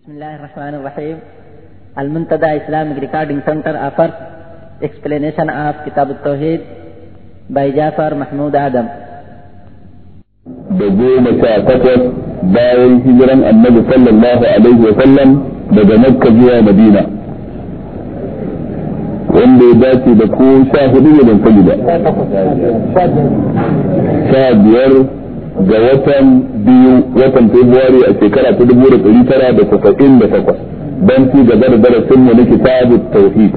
بسم الله الرحمن الرحيم المنتدى Islamic Recording Center offers explanation of Kitab al-Tawheed by Jafar Mahmood Adam. Da goma sha takwas bayan hijiran annabi sallallahu alaihi wa sallam daga Makka zuwa Madina. Wanda ya dace da ko sha hudu ne ban sani ba. Sha biyar ga watan biyu watan february a shekara ta dubu da ɗari tara da tasa'in da takwas don ci gaba da darasin mu na kitabu tauhid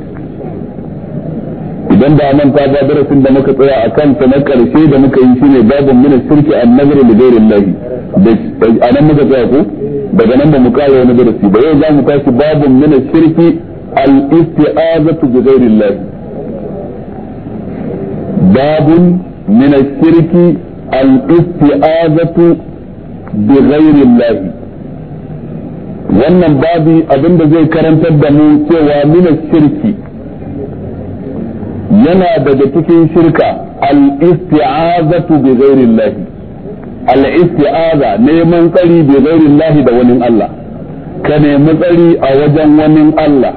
idan da manta ba darasin da muka tsaya a kansa na karshe da muka yi shine babin mina shirki an nazarin da gairin lahi a nan muka tsaya ko daga nan ba mu kare wani darasi ba yau za mu tashi babin mina shirki al-isti'azatu bi gairin babun mina shirki al-isti'azatu bi ghairi wannan babi abinda zai karantar da mu cewa mina shirki yana daga cikin shirka al-isti'azatu bi ghairi al-isti'aza neman tsari bi ghairi da wani Allah ka nemi tsari a wajen wani Allah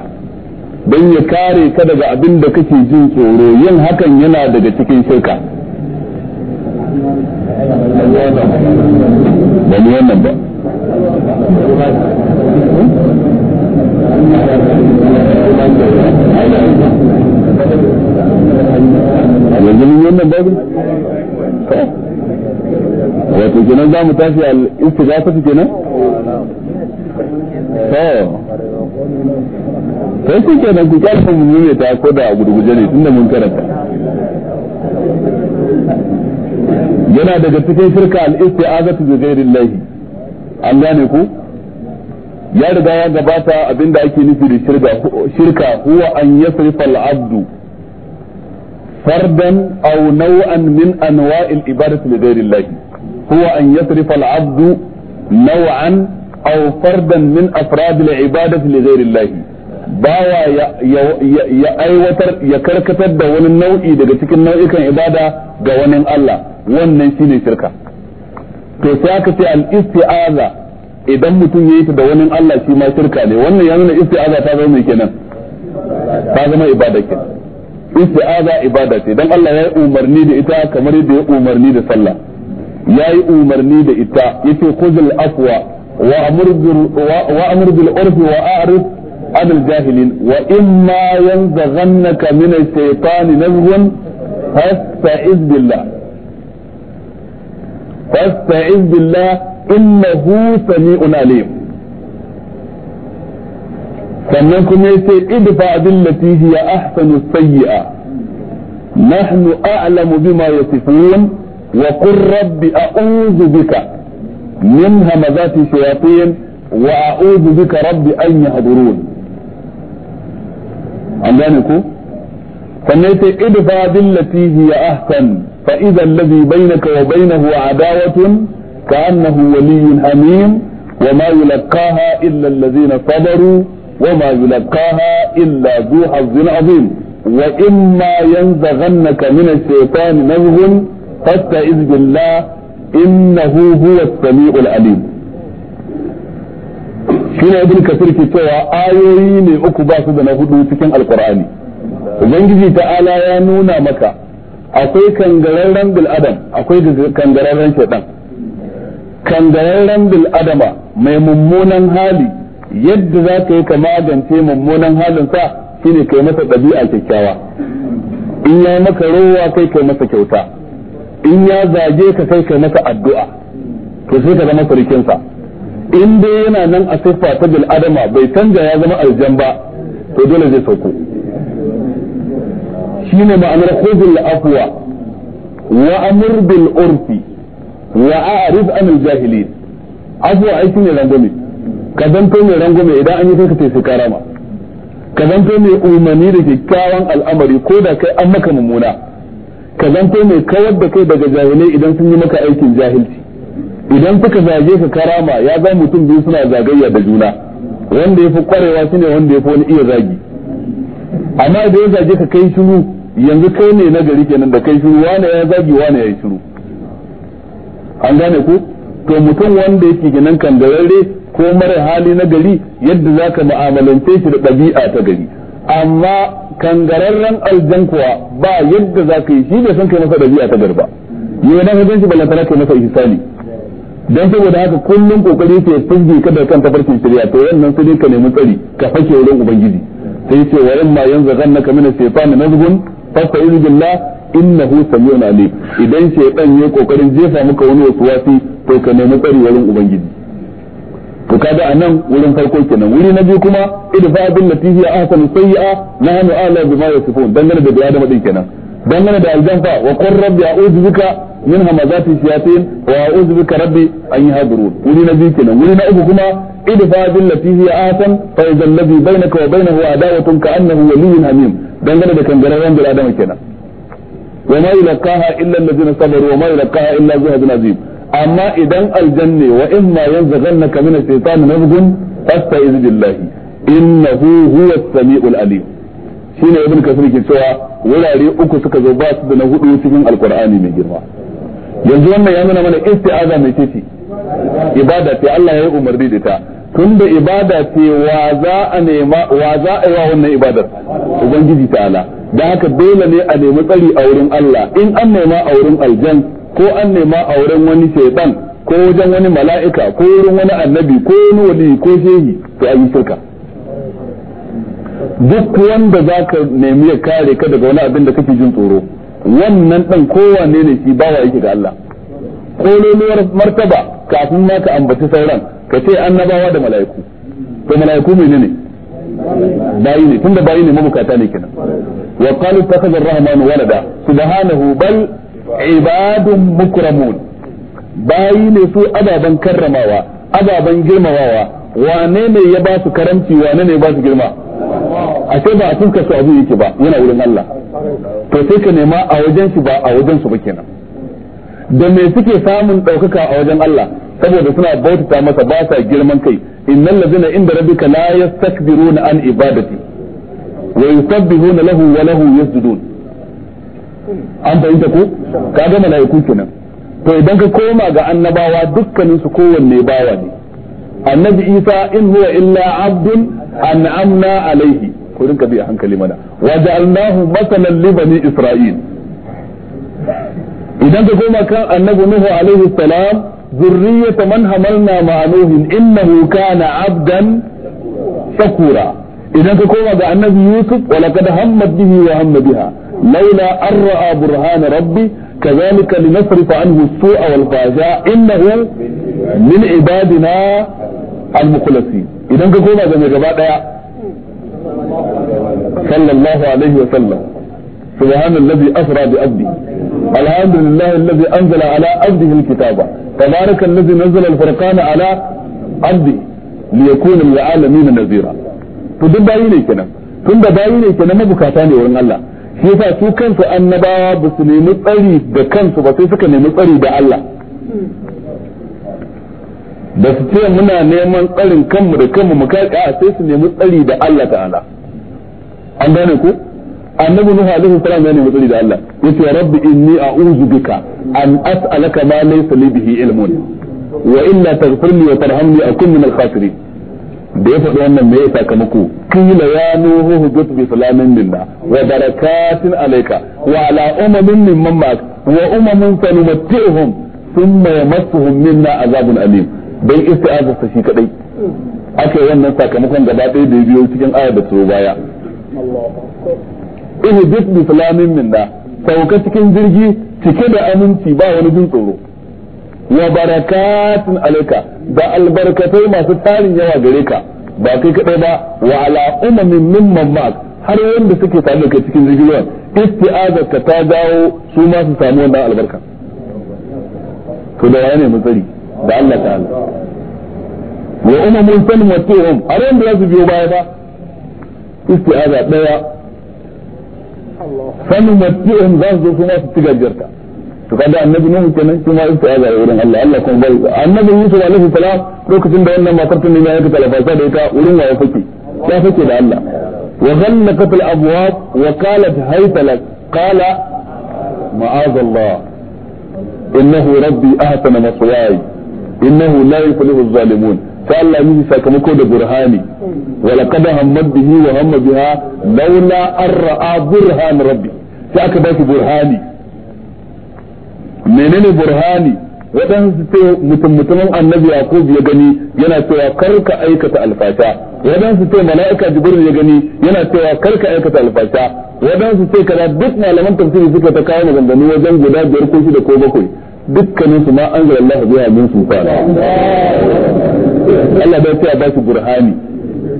don ya kare ka daga abin da kake jin tsoro yin hakan yana daga cikin shirka ba ni wannan ba a yanzu ni wannan ba wato kenan za mu tashi al-istighathatu kenan to sai shi ke ku kyalfa mu ne ta ko da gurguje ne tunda mun karanta yana daga cikin shirka al-isti'azatu bi ghairillah an gane ku ya riga ya gabata abinda ake nufi da shirka shirka huwa an yasrifa al-abdu fardan aw naw'an min anwa' al-ibadati li ghairillah huwa an yasrifa al-abdu naw'an aw fardan min afrad al-ibadati li ghairillah bawa ya aiwatar ya karkatar da wani nau'i daga cikin nau'ikan ibada ga wani Allah wannan shine shirka to sai aka ce al isti'aza idan mutum yayi ta da wani Allah shi ma shirka ne wannan ya nuna isti'aza ta zama kenan ta zama ibada ke isti'aza ibada ce dan Allah ya yi umarni da ita kamar yadda ya umarni da sallah ya yi umarni da ita yace khudhul afwa wa amur bil urfi wa a'rif عن الجاهلين وإما ينزغنك من الشيطان نزغ فاستعذ بالله فاستعذ بالله إنه سميع عليم فمنكم يسي ادفع بالتي هي أحسن السيئة نحن أعلم بما يصفون وقل رب أعوذ بك من همزات الشياطين وأعوذ بك رب أن يحضرون an gane ادفع بالتي هي احسن فاذا الذي بينك وبينه عداوة كأنه ولي امين وما يلقاها إلا الذين صبروا وما يلقاها إلا ذو حظ عظيم وإما ينزغنك من الشيطان نزغ فاستعذ بالله إنه هو السميع العليم shine ibn kasir ke cewa ayoyi ne uku ba su da na hudu cikin alqur'ani ubangiji ta'ala ya nuna maka akwai kangararren bil adam akwai kangararren shaitan kangararren bil adama mai mummunan hali yadda za ka yi ka magance mummunan halin sa shine kai masa ɗabi'a kyakkyawa in ya maka rowa kai kai masa kyauta in ya zage ka kai kai masa addu'a to sai ka zama sarkin in dai yana nan a siffa ta bil adama bai canja ya zama aljan ba to dole zai sauko shine ma'anar khudul afwa wa amur bil urfi wa a'rid anil jahilin afwa ai ne rangwame ka zanto mai rangwame idan an yi sai ka ce sai karama ka zanto mai umarni da kyakkyawan al'amari ko da kai an maka mummuna ka zanto mai kawar da kai daga jahilai idan sun yi maka aikin jahilci idan suka zage ka karama ya ga mutum biyu suna zagayya da juna wanda ya fi kwarewa shine wanda ya fi wani iya zagi amma da ya zage ka kai shiru yanzu kai ne na gari kenan da kai shiru wane ya zagi wane ya yi shiru an gane ku to mutum wanda yake ginin kan rarre ko mara hali na gari yadda za ka mu'amalance shi da ɗabi'a ta gari amma kangararren aljan kuwa ba yadda za ka yi shi bai san kai masa ɗabi'a ta garba yau na ka gan shi ballantana kai masa ihsani dan saboda haka kullum kokari ke fuje ka da kan tafarkin shari'a to wannan sai ka nemi tsari ka fake wurin ubangiji sai ce wa yamma yanzu zannaka min shaytan nazgun fasta'iz billah innahu samiun alim idan shaytan ya kokarin jefa maka wani wasi to ka nemi tsari wurin ubangiji to kaga anan wurin farko kenan wuri na biyu kuma idfa bil na ahsanu sayyi'a nahnu a'lamu bima yasifun dangane da biya da madin kenan دمنا بألدان وقل ربي أعوذ بك من همزات الشياطين وأعوذ بك ربي أن يهاجرون ولنا ذيكنا ولنا أبوكما ادفع بالتي هي آثم فإذا الذي بينك وبينه عداوة كأنه ولي حميم دمنا كان جرران بالآدم كنا وما يلقاها إلا الذين صبروا وما يلقاها إلا زهد عظيم أما إذا الجنة وإما ينزغنك من الشيطان نزغ فاستعذ بالله إنه هو السميع الأليم shine ibn kasir ke cewa wurare uku suka zo ba su da na hudu cikin alkur'ani mai girma yanzu wannan ya nuna mana isti'aza mai tace ibada ce Allah ya yi umarni da ta tunda ibada ce wa za a nema wa za a yi wa wannan ibadar ubangiji ta'ala da haka dole ne a nemi tsari a wurin Allah in an nema a wurin aljan ko an nema a wurin wani shaytan ko wajen wani mala'ika ko wurin wani annabi ko wani wali ko shehi to ayi shirka duk wanda za ka nemi ya kare ka daga wani abin da kake jin tsoro wannan dan kowanne ne shi bawa yake ga Allah kololuwar martaba kafin ma ka ambaci sauran ka ce annabawa da mala'iku to mala'iku menene bayi ne tunda bayi ne mabukata ne kenan wa qalu takhadha ar-rahmanu walada subhanahu bal ibadun mukramun bayi ne su ababan karramawa ababan girmamawa wane ne ya ba su karamci wane ne ya ba su girma ashe ba a tunka su abu yake ba yana wurin Allah to sai ka nema a wajen su ba a wajen su ba kenan da me suke samun ɗaukaka a wajen Allah saboda suna bautata masa ba sa girman kai innal ladzina inda rabbika la yastakbiruna an ibadati wa yusabbihuna lahu wa lahu yasjudun an fahimta ko ga malaiku kenan to idan ka koma ga annabawa dukkanin su kowanne bawa ne annabi isa in huwa illa abdun أنعمنا عليه كلنك بي أحنك لمنا وجعلناه مثلا لبني إسرائيل إذا تقوم كان النبي نوح عليه السلام ذرية من هملنا مع نوح إنه كان عبدا شكورا إذا تقوم بأن النبي يوسف ولقد همت به وهم بها لولا أن رأى برهان ربي كذلك لنصرف عنه السوء والفاجاء إنه من عبادنا المخلصين idan ka koma ga mai gaba daya sallallahu alaihi wa sallam subhanallazi asra bi abdi allazi anzala ala abdihi alkitaba tabaraka allazi nazzala alfurqana ala abdi liyakuna lilalamin nazira to duk bayi ne kenan tunda bayi ne kenan mabukata ne wurin Allah shi yasa su kansu annabawa ba su nemi tsari da kansu ba sai suka nemi tsari da Allah da su ce muna neman tsarin kanmu da kanmu mu kai a sai su nemi tsari da Allah ta'ala an gane ku annabi nuhu alaihi salam ya nemi tsari da Allah yace rabbi inni a'udhu bika an as'alaka ma laysa li bihi ilmun wa illa taghfirli wa tarhamni akun min al-khasirin da ya faɗi wannan me ya sakamako kila ya nuhu hudud bi salamin minna wa barakatin alayka wa ala umamin mimman ma'ak wa umamun sanumatihum thumma yamassuhum minna azabun alim dan isti'azarsa shi kadai aka yi wannan sakamakon gaba ɗaya da biyo cikin aya da tsoro baya ihu bit bi salamin da sauka cikin jirgi cike da aminci ba wani jin tsoro wa barakatun alaika da albarkatai masu tarin yawa gare ka ba kai kadai ba wa ala umamin mimman ma'ak har wanda suke tare da kai cikin jirgin ruwan isti'azarka ta dawo su ma su samu wannan albarka to da ne mutsari da Allah ta ta'ala wa umamun kalmatuhum a ran da za su biyo baya ba aza daya sanin mutum za su zo kuma su ci gajiyarta to kada annabi nuhu kenan kuma aza da wurin Allah Allah kuma bai annabi yusuf alaihi salam lokacin da wannan matar ta nemi aikata lafasa da ita wurin wa ya fake ya fake da Allah wa ghallaqat al abwab wa qalat hayta lak qala ma'azallah innahu rabbi ahsana maswaya inna la yuflihu az-zalimun sai Allah yi sakamako da burhani wa laqad hammat bihi wa hamma biha laula arra'a burhan rabbi sai aka ba burhani menene burhani waɗansu ce mutum mutumin annabi yaqub ya gani yana cewa karka aikata alfasha waɗansu ce mala'ika ya gani yana cewa karka aikata alfasha waɗansu ce kaza duk malaman tafsiri suka ta kawo maganganu wajen guda biyar ko shida ko bakwai dukkanin su ma an zara Allah biya min sultana Allah bai tsaya ba su burhani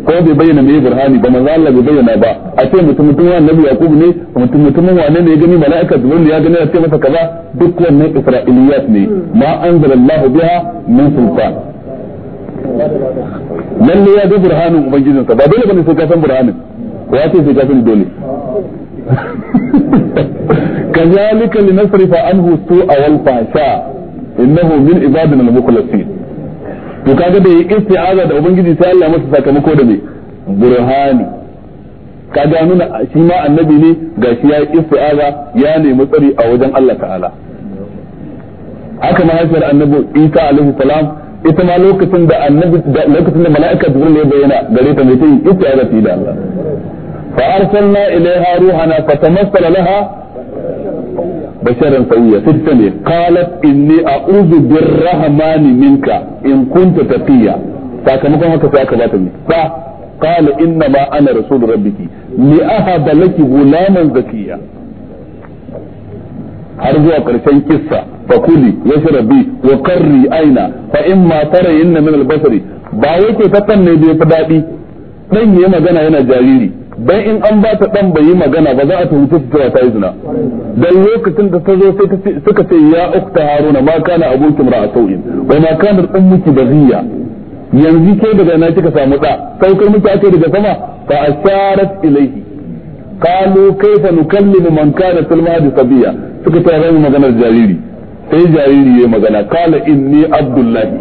ko bai bayyana mai burhani ba manzo Allah bai bayyana ba a ce mutum mutum wa Nabi Yaqub ne mutum mutumin wane ne ya gani mala'ika Jibril ya gani ya ce masa kaza duk wannan Isra'iliyat ne ma an zara Allah biya min sultana lalle ya ga burhanin ubangijinsa ba dole bane sai ka san burhanin ko ya ce sai ka san dole كذلك لنصرف عنه السوء والفحشاء إنه من عبادنا المخلصين to kaga da yi da ubangiji sai Allah masa sakamako da mai burhani kaga nuna shi annabi ne gashi ya nemi tsari a wajen Allah ta'ala haka mahaifiyar annabi Isa alaihi ita lokacin da annabi lokacin da mala'ika Jibril ya bayyana ta mai sai isti'aza da Allah فارسلنا اليها روحنا فتمثل لها بشرا قويا في السنة قالت اني اعوذ بالرحمن منك ان كنت تقيا فكمكم هكذا فاكباتني فقال انما انا رسول ربك لاهب لك غلاما زكيا أرجو قرشين قصة فقولي يا شربي وقري أين فإما ترين من البصري باوكي تتنى بيقبابي لن يمجن هنا جاريري dan in an ba ta dan bai yi magana ba za a tuhumce ta ta yi zina dan lokacin da ta zo sai suka ce ya ukta haruna ma kana abuki a sauyin. wa ma kana ummuki baziya yanzu ke daga ina kika samu da saukar miki ake daga sama fa asharat ilayhi qalu kayfa nukallimu man kana fil mahdi sabiya suka ce zan magana jariri sai jariri ya magana qala inni abdullahi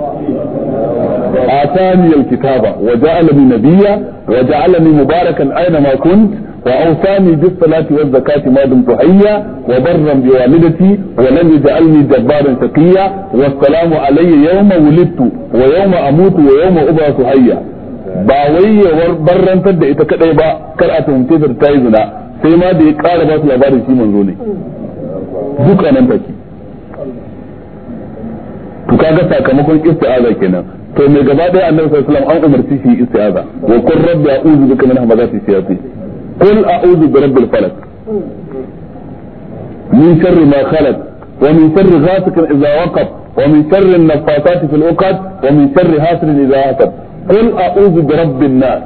وآتاني الكتاب وجعلني نبيا وجعلني مباركا أينما كنت وأوصاني بالصلاة والزكاة ما دمت حيا وبرا بوالدتي ولم يجعلني جبارا شقيا والسلام علي يوم ولدت ويوم أموت ويوم أبعث حيا ba wai ya barrantar da ita kadai ba kar a fahimce ta ta yi zina sai ma da ya kara ba su labarin shi manzo ne duk anan take to kaga sakamakon isti'aza kenan to mai gaba ɗaya annabi sallallahu alaihi wasallam an umarci shi istiaza wa qul rabbi a'udhu bika min hamazati shayatin qul a'udhu bi rabbil falaq min sharri ma khalaq wa min sharri ghasikin idza waqab wa min sharri an-naffasati fil 'uqad wa min sharri hasidin idza hasad qul a'udhu bi rabbin nas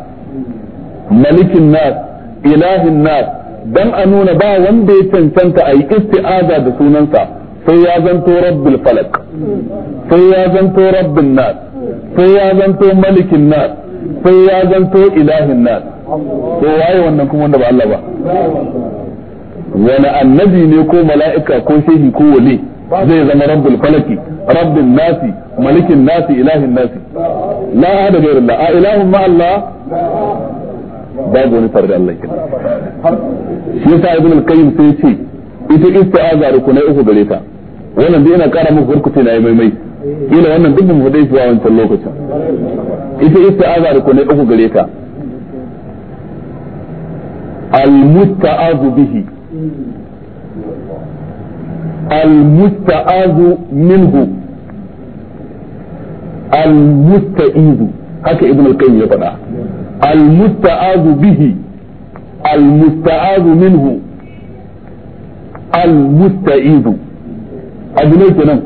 malikin nas ilahin nas dan a nuna ba wanda ya cancanta a yi isti'aza da sunansa sai ya zanto rabbil falak sai ya zanto rabbin nas sai ya zanto malikin nas sai ya zanto ilahin nas to waye wannan kuma wanda ba Allah ba wani annabi ne ko mala'ika ko shehi ko wali zai zama rabbul falaki rabbin nasi malikin nasi ilahin nasi la hada gairullah a ilahun ma Allah babu wani tare da Allah kenan shi yasa ibn al-qayyim sai ce ita ku na uku gare ta wannan duk ina kara muku kurkuce na mai mai ila wannan duk mu dai zuwa wancan lokacin ita ku na uku gare ta al-musta'azu bihi al-musta'azu minhu al-musta'izu haka ibn al-qayyim ya faɗa al-musta'azu bihi al-musta'azu minhu al-musta'idu abu ne kenan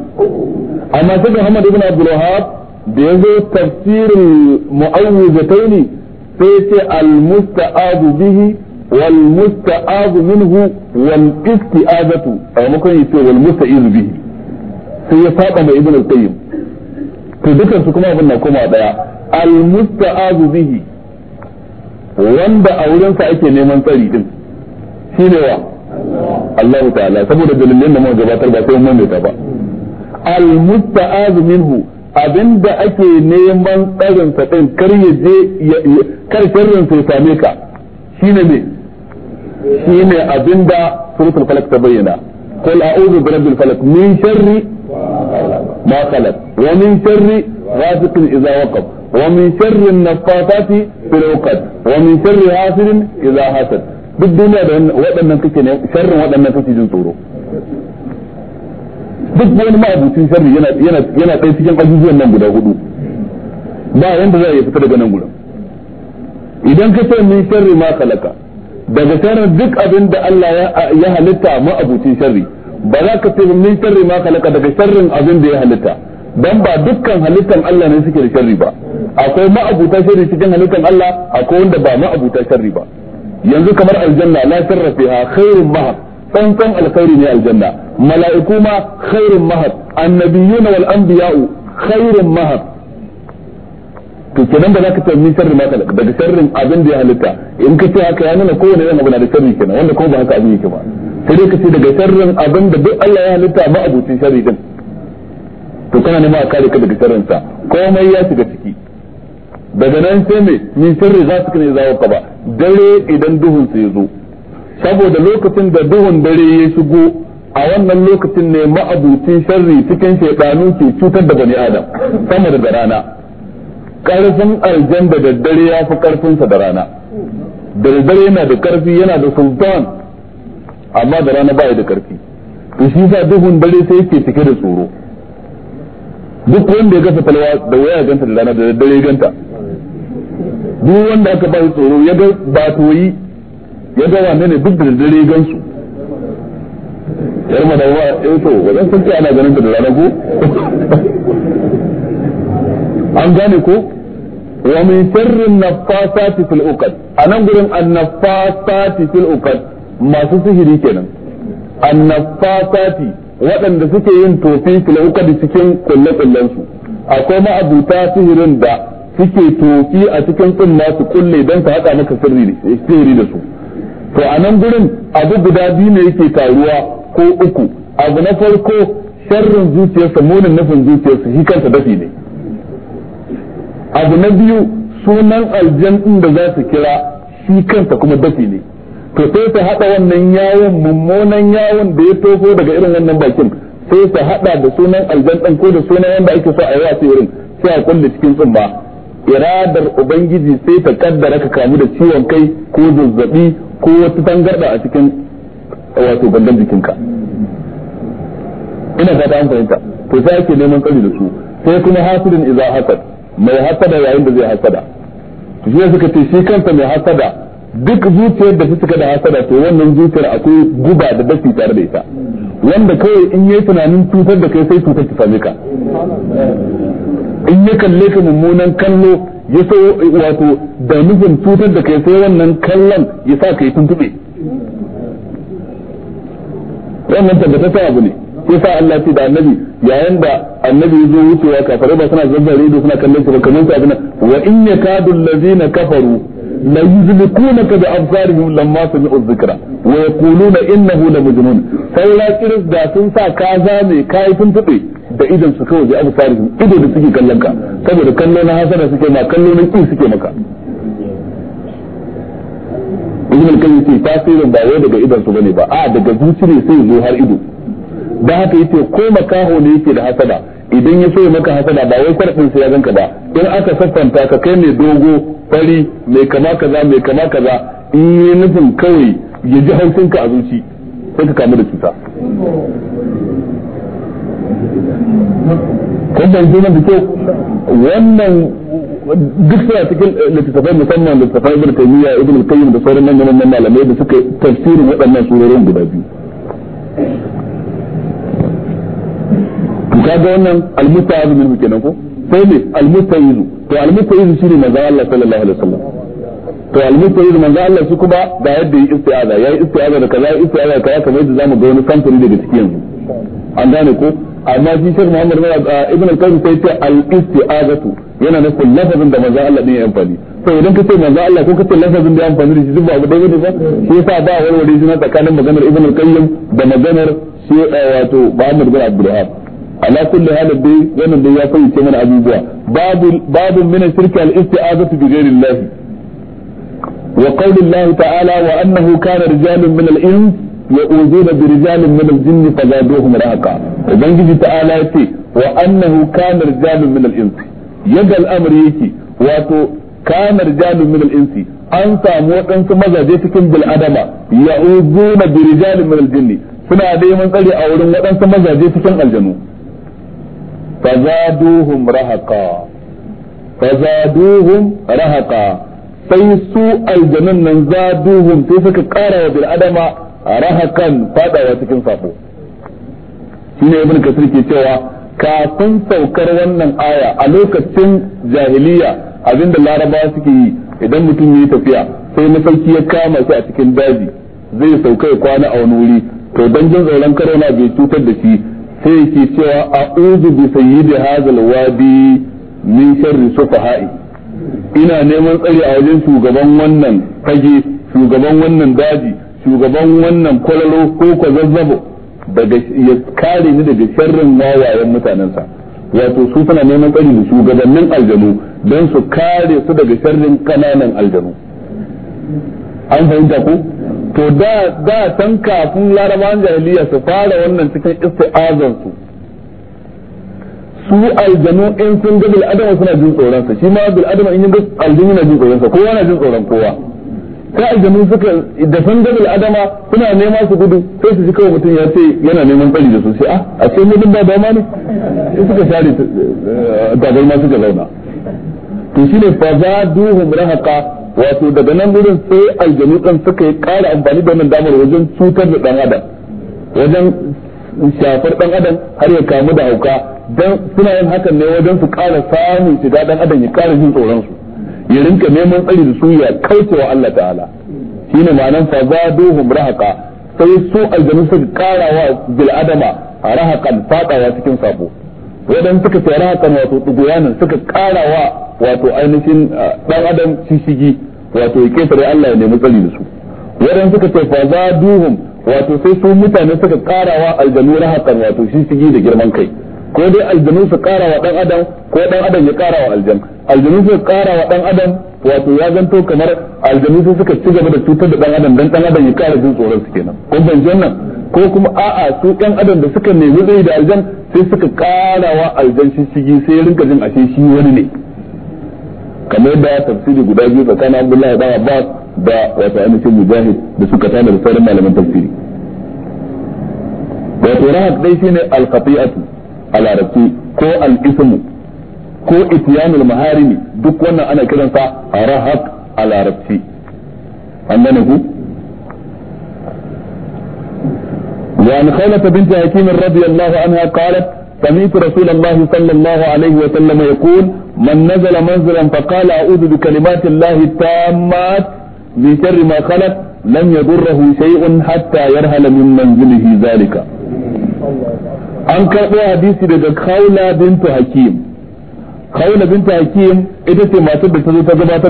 amma sai Muhammad ibn Abdul Wahhab da yazo tafsirul mu'awwidataini sai al-musta'adu bihi wal musta'adu minhu wal isti'azatu a makon yace wal musta'izu bihi sai ya saba su kuma na al wanda a wurinsa ake neman tsari din shine wa Allah ta'ala saboda dalilin da muka gabatar ba sai mun ta ba al musta'az minhu abinda ake neman tsarin sa din kar ya je kar tsarin sai same ka shine me shine abinda suratul falaq ta bayyana qul a'udhu bi rabbil falaq min sharri ma ما خلق ومن شر غاسق إذا وقب ومن شر النفاثات في العقد ومن شر حاسد إذا حسد duk duniya da waɗannan kake ne sharrin waɗannan kake jin tsoro duk wani ma'abucin sharri yana yana yana kai cikin ajujuwan nan guda hudu ba yanda za a yi fita daga nan gudan idan ka ce ni sharri ma kalaka daga sharrin duk abin da Allah ya halitta ma'abucin sharri ba za ka ce ni sharri ma kalaka daga sharrin abin da ya halitta dan ba dukkan halittan Allah ne suke da sharri ba akwai ma'abuta sharri cikin halittan Allah akwai wanda ba ma'abuta sharri ba yanzu kamar aljanna la sirra fiha khairun mahab tsantsan alkhairi ne aljanna mala'iku ma khairun mahab annabiyuna wal anbiya'u khairun mahab to kenan da zaka tsammi sharri ma daga sharrin abin da ya halitta in ka ce haka ya nuna kowane yana na da sirri kenan wanda kuma ba haka abin yake ba sai dai ka ce daga sharrin abin da duk Allah ya halitta ma abucin sharri din to kana nema a kare ka daga sharrin sa komai ya shiga ciki daga nan sai mai ni sirri za su ne zawo ka ba dare idan duhun su ya zo saboda lokacin da duhun dare ya shigo a wannan lokacin ne ma'abucin sharri cikin shaidanu ke cutar da bani adam sama da rana karfin aljan da daddare ya fi karfinsa da rana dare daddare yana da karfi yana da sultan amma da rana ba da karfi to shi sa duhun dare sai yake cike da tsoro duk wanda ya gasa talwa da waya ganta da rana da daddare ganta duk wanda aka ba tsoro ya ga ba toyi ya ga wanne ne duk da dare gan su yar madawa eh to wajen sun ana ganin da rana ko an gane ko wa min sharri nafasati fil uqad anan gurin annafasati fil uqad masu sihiri kenan an nafasati waɗanda suke yin tofi fil uqad cikin kullakullansu akwai ma'abuta sihirin da suke tofi a cikin kunna su kulle don ka haɗa maka sirri da su to a nan gurin abu guda biyu ne yake taruwa ko uku abu na farko sharrin zuciyarsa munin nufin zuciyarsa shi kansa dafi ne abu na biyu sunan aljan din da za su kira shi kansa kuma dafi ne to sai ta haɗa wannan yawon mummunan yawon da ya tofo daga irin wannan bakin sai ta haɗa da sunan aljan din ko da sunan wanda ake so a yi a irin sai a kulle cikin tsumba iradar ubangiji sai ta kaddara ka kamu da ciwon kai ko zazzabi ko wata tangarda a cikin wato gandan jikinka ina fata an fahimta to sai ake neman tsari da su sai kuma hasudin idza hasad mai hasada yayin da zai hasada shi suka ce shi kansa mai hasada duk zuciyar da ta cika da hasada to wannan zuciyar akwai guba da dafi tare da ita wanda kawai in yayi tunanin cutar da kai sai cutar ta same ka in ya kalle ka mummunan kallo ya so wato da nufin cutar da kai sai wannan kallon ya sa ka yi tuntube wannan tabbatata abu ne sai sa Allah ce da annabi yayin da annabi ya zo wucewa kafare ba suna zazzare da suna kallon shi ba kamar su abin wa in ya yakadu allazina kafaru la yuzlikunaka bi absarihim lamma sami'u dhikra wa yaquluna innahu la majnun saura kiris da sun sa ka zame kai sun da idan su kawai bi absarihim ido da suke kallon ka saboda kallo na hasana suke ma kallo na kin suke maka ibn al-qayyim ce tasirin ba wai daga idan su bane ba a daga zuci ne sai zo har ido dan haka yace ko makaho ne yake da hasada idan ya so ya maka hasada ba wai kwarɗin sai ya ganka ba in aka saffanta ka kai mai dogo fari mai kama kaza mai kama kaza in yi nufin kawai ya ji haushinka a zuci sai ka kamu da cuta kun fahimci nan da kyau wannan duk suna cikin eh, littattafai musamman littattafai ibn taymiya ibn al-qayyim da sauran nan nan malamai da suka tafsirin waɗannan surorin guda biyu kaga wannan al-musta'az minhu kenan ko sai ne al-musta'iz to al-musta'iz shine manzo Allah sallallahu alaihi wasallam to al-musta'iz manzo Allah shi kuma da yadda yi isti'aza yayi isti'aza da kaza isti'aza da kaza kamar yadda zamu ga wani kamfani daga cikin yanzu an gane ko amma shi Sheikh Muhammad ah, Ibn al-Qayyim sai ce al-isti'azatu yana nufin lafazin da manzo Allah din ya amfani to idan ka ce manzo Allah ko ka ce lafazin da ya amfani da shi duk ba abu daidai ba shi yasa ba warware shi na tsakanin maganar Ibn al-Qayyim da maganar shi ah, wato Muhammad bin Abdul Wahhab ala kulli halin dai wannan dai ya fayyace mana abubuwa babu babu min shirki al isti'azatu bi ghairi Allah wa qawli Allah ta'ala wa annahu kana rijalun min al ins wa uzina bi rijalin min al jinni fazaduhum raqa ubangiji ta'ala yace wa annahu kana rijalun min al ins yadda al'amari yake wato kana rijalun min al insi an samu waɗansu mazaje cikin bil adama ya'uduna bi rijalin min al jinni suna neman tsare a wurin waɗansu mazaje cikin aljanu fazaduhum rahaqa fazaduhum sai su aljanun nan zaduhum sai suka kara wa bil'adama rahakan fadawa cikin sabo shine ibn kasir ke cewa kafin saukar wannan aya a lokacin jahiliya abinda laraba suke yi idan mutum yi tafiya sai masauki ya kama shi a cikin daji zai sauka ya kwana a wani wuri to don jin tsoron na bai cutar da shi sai yake cewa a'udhu bi sayyidi hadhal wadi min sharri sufaha'i ina neman tsari a wajen shugaban wannan fage shugaban wannan daji shugaban wannan kwalalo ko kwazazzabo daga ya kare ni daga sharrin wawayen mutanensa wato su suna neman tsari da shugabannin aljanu don su kare su daga sharrin kananan aljanu an fahimta ko to da da tan kafin larabawan jahiliya su fara wannan cikin isti'azar su su aljanu in sun ga bil adama suna jin tsoron sa shi ma bil adama in yin aljanu na jin tsoron sa kowa na jin tsoron kowa ka aljanu suka da san ga bil adama suna nema su gudu sai su ji kawai mutum ya ce yana neman tsari da su sai a ah, a ce mu ba dama ne suka share eh, tabarma suka zauna to shine fa zaduhum rahaqa wato daga nan wurin sai aljanu kan suka yi ƙara amfani da wannan damar wajen cutar da dan adam wajen shafar ɗan adam har ya kamu da hauka dan suna yin hakan ne wajen su ƙara samun shiga dan adam ya kara jin tsoron su ya rinka neman tsari da su ya kauce wa Allah ta'ala shine ma'anan fa zaduhum rahaka sai su aljanu suka ƙara wa bil adama rahakan faɗawa cikin sabo wadan suka ce kan wato duguyanin suka karawa wato ainihin ah, dan adam shishigi wato ya ketare Allah ya nemi tsari da su wadan suka ce fa duhum wato sai su mutane suka karawa aljanu rahakan wato shishigi da girman kai ko dai aljanu su karawa dan adam ko dan adam ya karawa aljan aljanu su karawa dan adam wato ya zanto kamar aljanu su suka ci gaba da cutar da dan adam dan dan adam ya kara jin tsoron su kenan kun ban nan ko kuma a'a su dan adam da suka nemi zai da aljan sai suka karawa aljan shishigi sai rinka jin ashe shi wani ne kamar da tafsiri guda biyu tsakanin abdullahi da abbas da wato ainihin mujahid da suka tana da sauran malaman tafsiri wato rahab dai shine al-khati'atu al-arabi ko al-ismu ko ityanul maharimi duk wannan ana kiransa rahab al-arabi an gane ku وعن خولة بنت هشيم رضي الله عنها قالت سمعت رسول الله صلى الله عليه وسلم يقول من نزل منزلا فقال أعوذ بكلمات الله التامات من شر ما خلق لن يضره شيء حتى يرهل من منزله ذلك an karɓo hadisi daga خولة بنت هشيم خولة بنت هشيم ita ما matar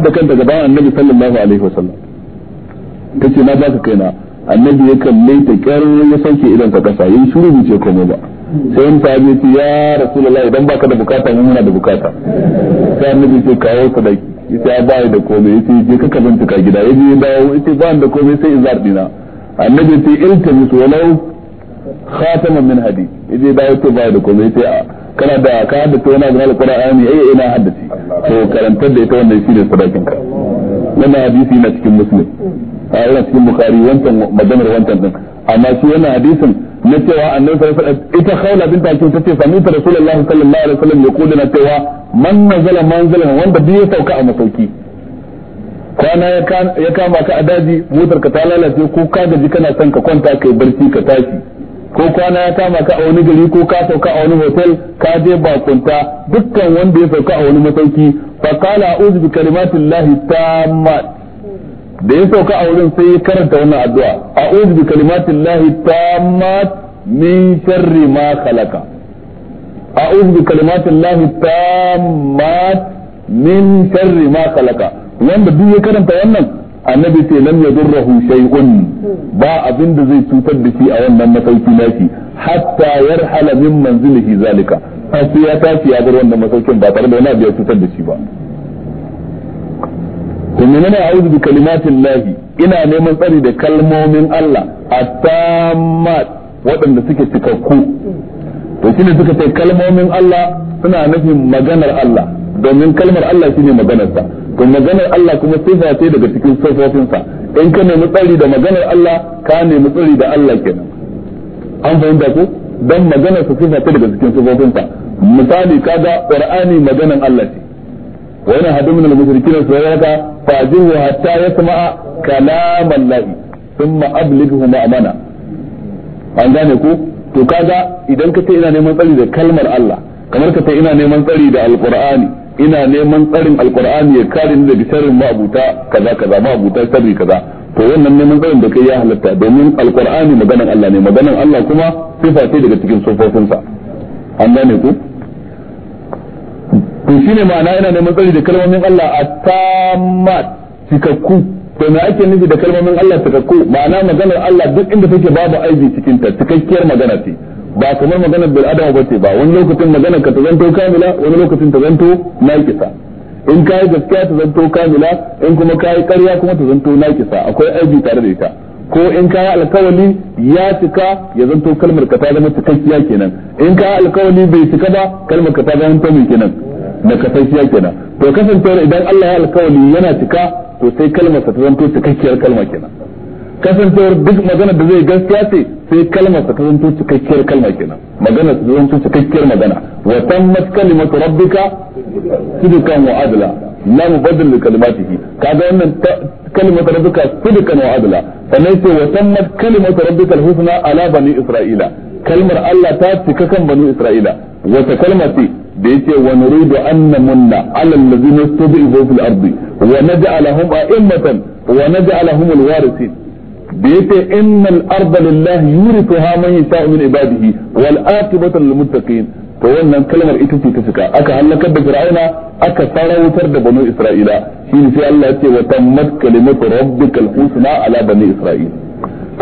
da ta انت ta النبي صلى الله عليه وسلم. sallallahu ما wasallam ta annabi ya kalle ta kyar ya sauke idan ka kasa yin shiru bai ce komai ba sai in sahabi ce ya rasulullahi idan baka da bukata mu muna da bukata sai annabi ce kawo sadaki yace ya bai da komai yace je ka kazanta ka gida yaje ya dawo yace ba da komai sai izar dina annabi ce iltamis walau khataman min hadid yaje dawo ce ba da komai yace ah, kana da ka haddace wani abu na alqur'ani ai eh, ina eh, haddace to karantar da ita wannan shine sadakin ka wannan hadisi na cikin muslim a yana cikin bukari wancan maganar wancan din amma shi wannan hadisin na cewa annabi sallallahu alaihi wasallam ita khawla binta hakim tace sami ta rasulullahi sallallahu alaihi wasallam yaqulu na cewa man nazala manzalan wanda bi ya sauka a masauki kwana ya kama ka a daji motar ka ta lalace ko ka gaji kana son ka kwanta kai barci ka tashi ko kwana ya kama ka a wani gari ko ka sauka a wani hotel ka je bakunta dukkan wanda ya sauka a wani masauki fa qala a'udhu bi kalimatillahi tammat da ya sauka a wurin sai ya karanta wannan addu'a a'udhu bi kalimatillahi tammat min sharri ma khalaqa a'udhu bi tammat min sharri ma khalaqa wanda duk ya karanta wannan annabi ce lam yadurruhu shay'un ba abin da zai cutar da shi a wannan masauki naki hatta yarhala min manzilihi zalika har sai ya tafi ya bar wannan masaukin ba tare da wani abu ya cutar da shi ba to menene a'udhu bi kalimatin lahi ina neman tsari da kalmomin Allah a tammat waɗanda suke cikakku to shine suka ce kalmomin Allah suna nufin maganar Allah domin kalmar Allah shine maganarsa to maganar Allah kuma sifa ce daga cikin sifofinsa in ka nemi tsari da maganar Allah ka nemi tsari da Allah kenan an fahimta ko dan maganar sa sifa ce daga cikin sifofinsa misali kaga qur'ani maganar Allah ce وإن أحد من المشركين سألك فأجره حتى يسمع كلام الله ثم أبلغه مأمنا an gane ku. to kaga idan ka ce ina neman tsari da kalmar Allah kamar ka ce ina neman tsari da alqur'ani ina neman tsarin alqur'ani ya kare ni daga sharrin ma'abuta kaza kaza ma'abuta sharri kaza to wannan neman tsarin da kai ya halatta domin alqur'ani maganan Allah ne maganan Allah kuma sifa ce daga cikin sufofinsa an gane ku. to shine ma'ana ina neman tsari da kalmomin Allah a tammat cikakku to me ake nufi da kalmomin Allah cikakku ma'ana maganar Allah duk inda take babu aibi cikin ta cikakkiyar magana ce ba kamar maganar bil adama bace ba wani lokacin maganar ka ta zanto kamila wani lokacin ta zanto naƙisa in kai gaskiya ta zanto kamila in kuma kai ƙarya kuma ta zanto naƙisa akwai aibi tare da ita ko in ka alkawali ya cika ya zanto kalmar ka ta zama cikakkiya kenan in kaya yi alkawali bai cika ba kalmar ka ta zama ta kenan na kasanciya kenan to kasancewar idan Allah ya alkawali yana cika to sai kalmar sa ta zanto cikakkiyar kalma kenan kasancewar duk magana da zai gaskiya ce sai kalmar sa ta zanto cikakkiyar kalma kenan magana ta zanto cikakkiyar magana wa tammat kalimatu rabbika sidqan wa adla la mubaddil li kalimatihi kaga wannan kalimatu rabbika sidqan wa adla sannan sai wa tammat kalimatu rabbika al-husna ala bani isra'ila kalmar Allah ta cika kan bani isra'ila wata kalma ce da yake wa nuridu an munna ala allazina istud'ifu fil ardi wa naj'alahum a'immatan wa naj'alahum al da yake innal arda lillahi yurithuha man yasha'u min ibadihi wal aqibatu lil muttaqin to wannan kalmar ita ce ta cika aka halakar da fir'auna aka sarautar da banu isra'ila shi ne sai Allah ya ce wa tammat kalimatu rabbikal husna ala bani isra'il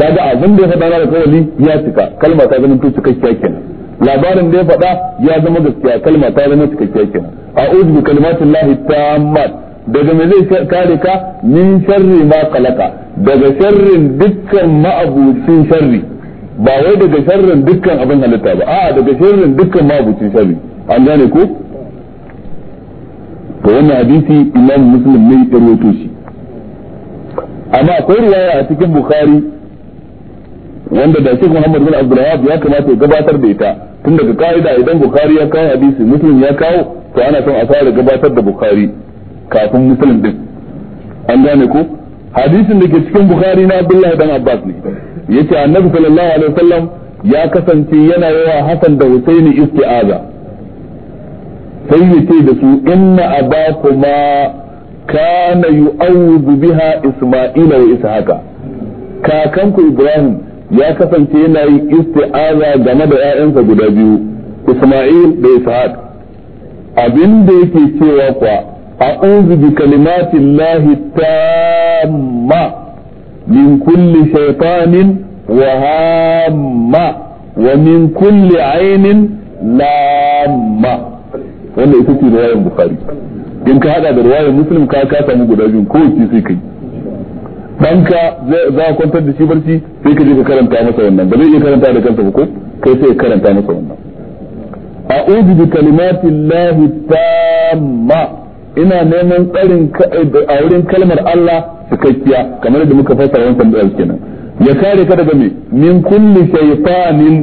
kaga abin da ya faɗa da kawali ya cika kalma ta zama to cikakkiya kenan labarin da ya faɗa ya zama gaskiya kalma ta zama cikakkiya kenan uzu bi lahi tammat daga me zai kare ka min sharri ma kalaka daga sharrin dukkan ma'abucin sharri ba wai daga sharrin dukkan abin halitta ba a'a daga sharrin dukkan ma'abucin sharri an gane ko to wannan hadisi imam muslim ne ya rawaito shi amma akwai riwaya a cikin bukhari wanda da shi muhammad bin abdullah ya kamata ya gabatar da ita tun daga ka'ida idan bukari ya kawo hadisi muslim ya kawo to ana son a fara gabatar da bukari kafin muslim din an gane ko hadisin da ke cikin bukari na abdullahi dan abbas ne Ya ce, annabi sallallahu alaihi wasallam ya kasance yana yawa hasan da husaini isti'aza sai ya ce da su inna abakuma kana yu'awwidu biha isma'ila wa ishaqa kakanku ibrahim ya kasance yana yi isti'aza game da ƴaƴansa guda biyu Isma'il da Ishaq abin da yake cewa kuwa a'udhu bi kalimatillahi tamma min kulli shaytanin wa hamma wa min kulli ainin lamma wanda ita ce riwayar Bukhari in ka hada da riwayar Muslim ka ka samu guda biyu kowace sai kai danka za a kwantar da shi barci sai ka je ka karanta masa wannan ba zai iya karanta da kansa ba ko kai sai ka karanta masa wannan a'udhu bi kalimati llahi tamma ina neman tsarin a wurin kalmar Allah cikakkiya kamar da muka fassara wannan da kenan ya kare ka daga me min kulli shaytanin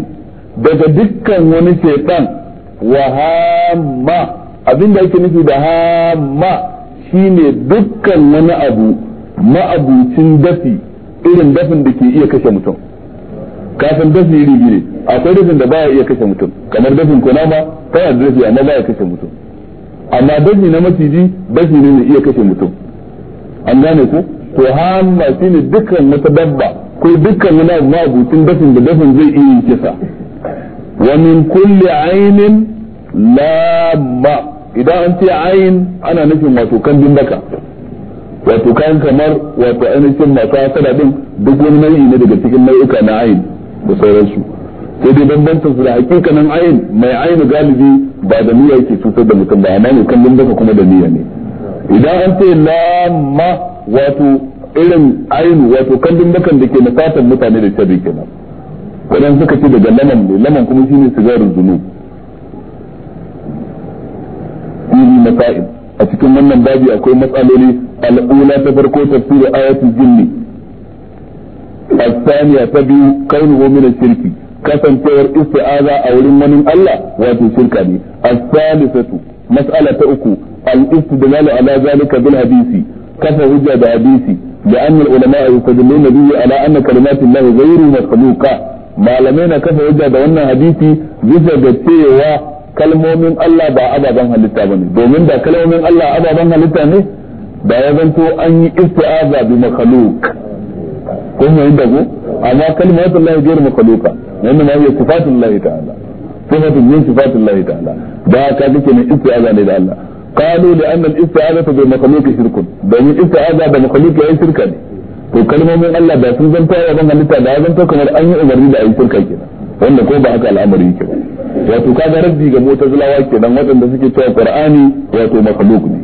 daga dukkan wani shaytan wa hamma abinda yake nufi da hamma shine dukkan wani abu ma'abucin dafi irin dafin da ke iya kashe mutum kafin dafi iri biyu akwai dafin da baya iya kashe mutum kamar dafin kunama tana da dafi amma baya kashe mutum amma dafi na maciji dafi ne mai iya kashe mutum an gane ko to hamma ne dukkan wata dabba ko dukkan wani abu ma'abucin dafin da dafin zai iya yin kisa wa min kulli ainin ma idan an ce ayin ana nufin wato kambin baka wato kayan kamar wato ainihin masu hasada din duk wani nau'i ne daga cikin nau'uka na ayin da sauransu sai dai bambancin su da hakikanin ayin mai ayin galibi ba da niyya yake cutar da mutum ba amma mukan baka kuma da niyya ne idan an ce lamma wato irin ayin wato kallon bakan da ke nufatan mutane da sharri kenan wadan suka ce daga laman ne laman kuma shine sigarin zunub fi masa'il a cikin wannan babi akwai matsaloli الأولى تفرقوا تفسير آية الجن الثانية تبي كونه من الشرك kasancewar isti'aza a wurin wani Allah wato shirka ne as-salisatu mas'ala ta uku al-istidlalu ala zalika bil hadisi kafa hujja da hadisi da anna ulama yukadiluna bihi ala anna kalimatullahi ghayru makhluqa malamai na kafa hujja da wannan hadisi bisa da cewa kalmomin Allah ba ababen halitta ba ne domin ba kalmomin Allah ababen halitta ne da ya zanto an yi isti'aza bi makhluq kun yi da ku amma kalmatun ya ghayr makhluqa wannan ma hiya sifatun lahi ta'ala sifatun min sifatun lahi ta'ala da ka dake ne isti'aza ne da Allah قالوا لأن الاستعاذة بمخلوق شرك بل الاستعاذة بمخلوق أي شركة دي. to kalmomin Allah da sun zanta ya ban halitta da ya zanta kamar an yi umarni da ayi shirka kenan wanda ko ba haka al'amari yake ba wato kaga raddi ga mu'tazilawa kenan waɗanda suke cewa Qur'ani wato makhluq ne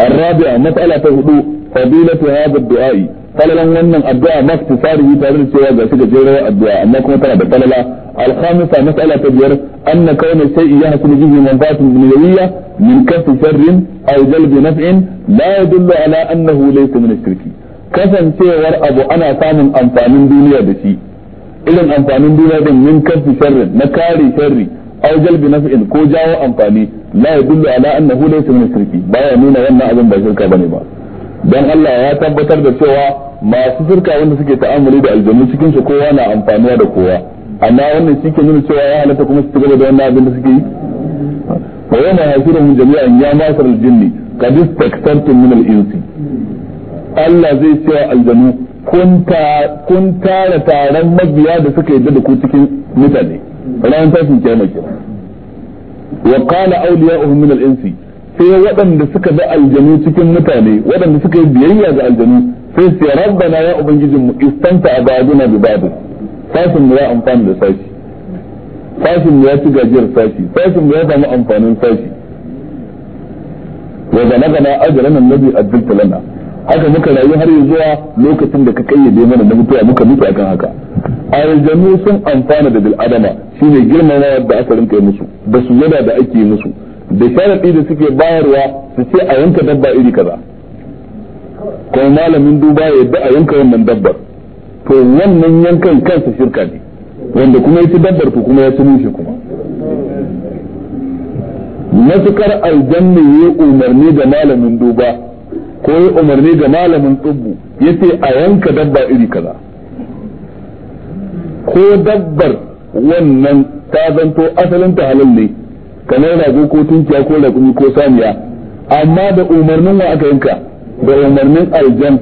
الرابعة مسألة هدوء فضيلة هذا الدعاء فللا ونن الدعاء ما اختصاره تعالى سوى ذلك جيرة الدعاء أنكم ترى فللا الخامسة مسألة تجر أن كون الشيء يحصل به منفعة دنيوية من كف شر أو جلب نفع لا يدل على أنه ليس من الشرك كفن سيور أبو أنا سامن أنفان دنيا بشي إذا أنفان دنيا من كف شر نكاري شري aw jalbi naf'in ko jawo amfani la yadullu ala annahu laysa min shirki baya nuna wannan abin ba shirka bane ba don Allah ya tabbatar da cewa masu shirka wanda suke ta'amuli da aljannu cikin su kowa na amfanuwa da kowa amma wannan shi ke nuna cewa ya halatta kuma su cigaba da wannan abin da suke yi fa yana hasiruhum jami'an ya masar aljinni qad istaktartum min al Allah zai cewa aljanu kun tara taron mabiya da suka yadda da ku cikin mutane ranar tashin kiyama kenan wa qala awliya'uhum min al-insi sai waɗanda suka bi aljanu cikin mutane waɗanda suka yi biyayya ga aljanu sai su rabbana ya ubangijin mu istanta abaduna bi babu sashin mu ya amfani da sashi sashin mu ya ci gajiyar sashi sashin mu ya samu amfanin sashi wa balagana ajran annabi lana haka muka rayu har zuwa lokacin da ka kayyade mana na mutuwa muka mutu akan haka aljanu sun amfana da bil adama shine girmamawa da aka rinka musu da su yada da ake musu da sharadi da suke bayarwa su ce a yanka dabba iri kaza kuma malamin duba ya yadda a yanka wannan dabbar to wannan yankan kansa shirka ne wanda kuma ya ci dabbar ku kuma ya ci mushi kuma matukar aljanna ya umarni da malamin duba ko yi umarni ga malamin ya ce a yanka dabba iri kaza ko dabbar wannan ta zanto asalin ta halin ne kamar rago ko tunkiya ko rakumi ko saniya amma da umarnin wa aka yanka da umarnin aljan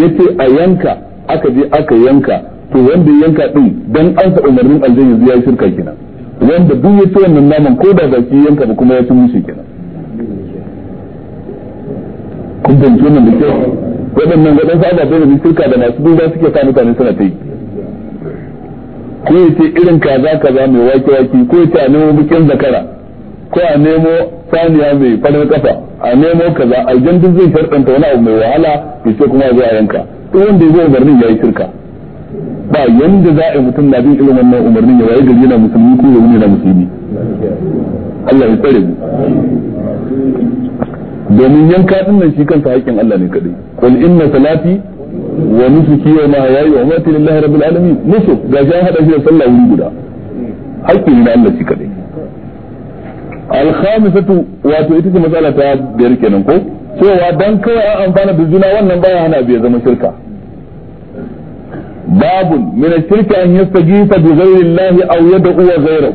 ya ce a yanka aka je aka yanka to wanda yanka din dan an sa umarnin aljan yanzu ya yi shirka gina wanda duk ya ce wannan naman ko da zaki yanka ba kuma ya ci mushi kenan kun fahimci wannan da kyau waɗannan waɗansu ababai da shirka da masu duba suke sa mutane suna ta yi ko ya ce irin kaza kaza mai wake wake ko ya ce a nemo bikin zakara ko a nemo saniya mai farin kafa a nemo kaza a duk zai sharɗanta wani abu mai wahala ya ce kuma zai a yanka duk wanda ya zo umarnin ya yi shirka ba yanda za a yi mutum na bin irin wannan umarnin ya waye gari na musulmi ko ya wuni na musulmi Allah ya tsare mu domin yanka din nan shi kansa haƙƙin Allah ne kadai qul inna salati wa nusuki wa mahyaya wa mamati lillahi rabbil alamin nusuk ga shi hada shi da sallah wuri guda haƙƙin ne Allah shi kadai al-khamisatu wato ita ce matsala ta biyar kenan ko cewa dan kawai an amfana da juna wannan baya hana bai zama shirka babun min shirka an yastajifa bi ghayri Allah aw yad'u ghayrahu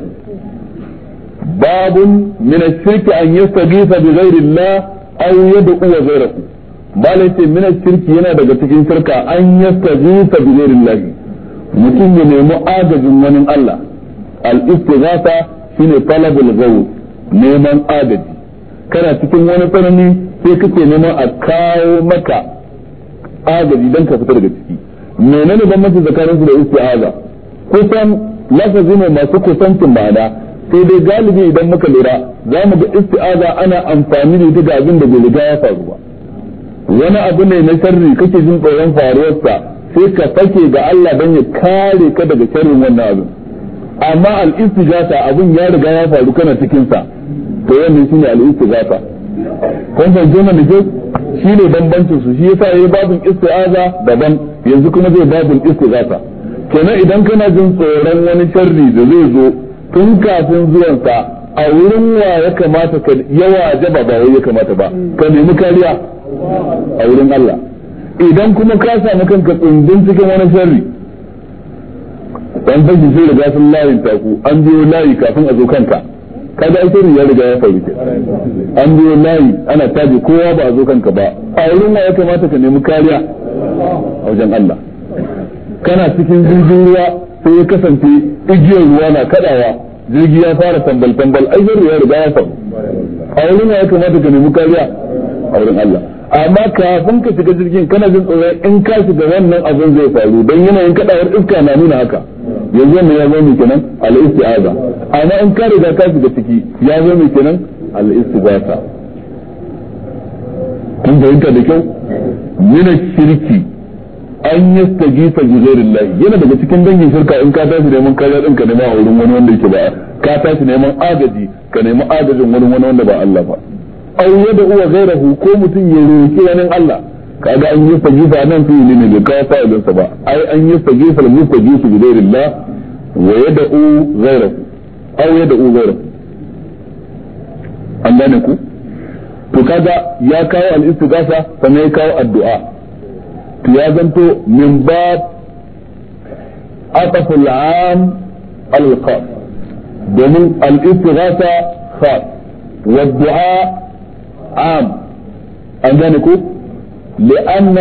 babun min shirka an yastajifa bi ghayri Allah da uwa zai rasu bala ce min shirki yana daga cikin shirka an yastaghitha bi mutum ya nemi agajin wani Allah al-istighatha shine talabul ghawth neman agaji kana cikin wani tsanani sai kake neman a kawo maka agaji dan ka fita da ciki menene bambanci tsakanin su da istiaza kusan lafazi ne masu kusancin ma'ana sai dai galibi idan muka lura za mu ga isti'aza ana amfani da ita abin da bai riga ya faru ba wani abu ne na sharri kake jin tsoron faruwarsa sai ka fake ga Allah dan ya kare ka daga sharrin wannan abin amma al-istighatha abin ya riga ya faru kana cikin sa to wannan shine al-istighatha kun san jona da shi ne bambancin su shi yasa yayi babin isti'aza daban yanzu kuma zai babin istighatha kenan idan kana jin tsoron wani sharri da zai zo tun kafin zuwansa a wurin wa ya kamata ka yawa jaba ba wai ya kamata ba ka nemi kariya a wurin Allah idan kuma ka samu kanka tsundun cikin wani sharri dan fashi sai da sun layin taku an biyo layi kafin a zo kanka kaga ai sirri ya riga ya faru ke an biyo layi ana taji kowa ba a zo kanka ba a wurin wa ya kamata ka nemi kariya a wajen Allah kana cikin jirgin ruwa sai ya kasance igiyar ruwa na kadawa jirgi ya fara tambal tambal ai ruwa riga ya samu a wurin ya kamata ka nemi kariya a wurin Allah amma kafin ka shiga jirgin kana jin tsoro in ka shiga wannan abin zai faru don yanayin kadawar iska na nuna haka yanzu wannan ya zo mai kenan al-istiaza amma in ka riga ka shiga ciki ya zo mai kenan al istiaza kun fahimta da kyau yana shirki an yi tagisa lahi yana daga cikin dangin shirka in ka tashi neman kaya din ka nema a wurin wani wanda yake ba ka tashi neman agaji ka nema agajin wani wani wanda ba Allah ba aw yada uwa gairahu ko mutum ya roki wani Allah kaga an yi ba nan fi ne ka kawo fa'ilin sa ba ai an yi fa mu su gizairin la wa yada u gairahu aw yada u gairahu an gane ku to kaga ya kawo al istighasa sannan ya kawo addu'a ya من باب bab العام am al-khas domin al-istighatha khas wa لأن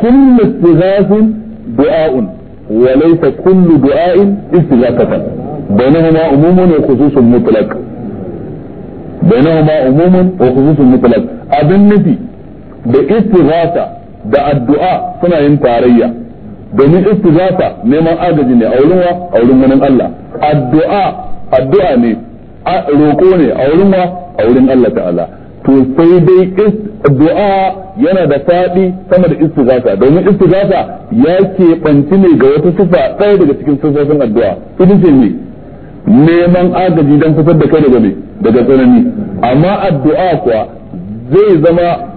كل استغاث دعاء وليس كل دعاء استغاثة بينهما عموم وخصوص مطلق بينهما عموم وخصوص مطلق أبنتي باستغاثة da addu'a suna yin tarayya domin istighasa neman agaji ne a wurin wa a wurin wani Allah addu'a addu'a ne roko ne a wurin wa a wurin Allah ta'ala to sai dai addu'a yana da fadi sama da istighasa domin istighasa ya ke banci ne ga wata sifa ɗaya daga cikin sifofin addu'a ita ce ne neman agaji don fitar da kai daga me daga tsanani amma addu'a kuwa zai zama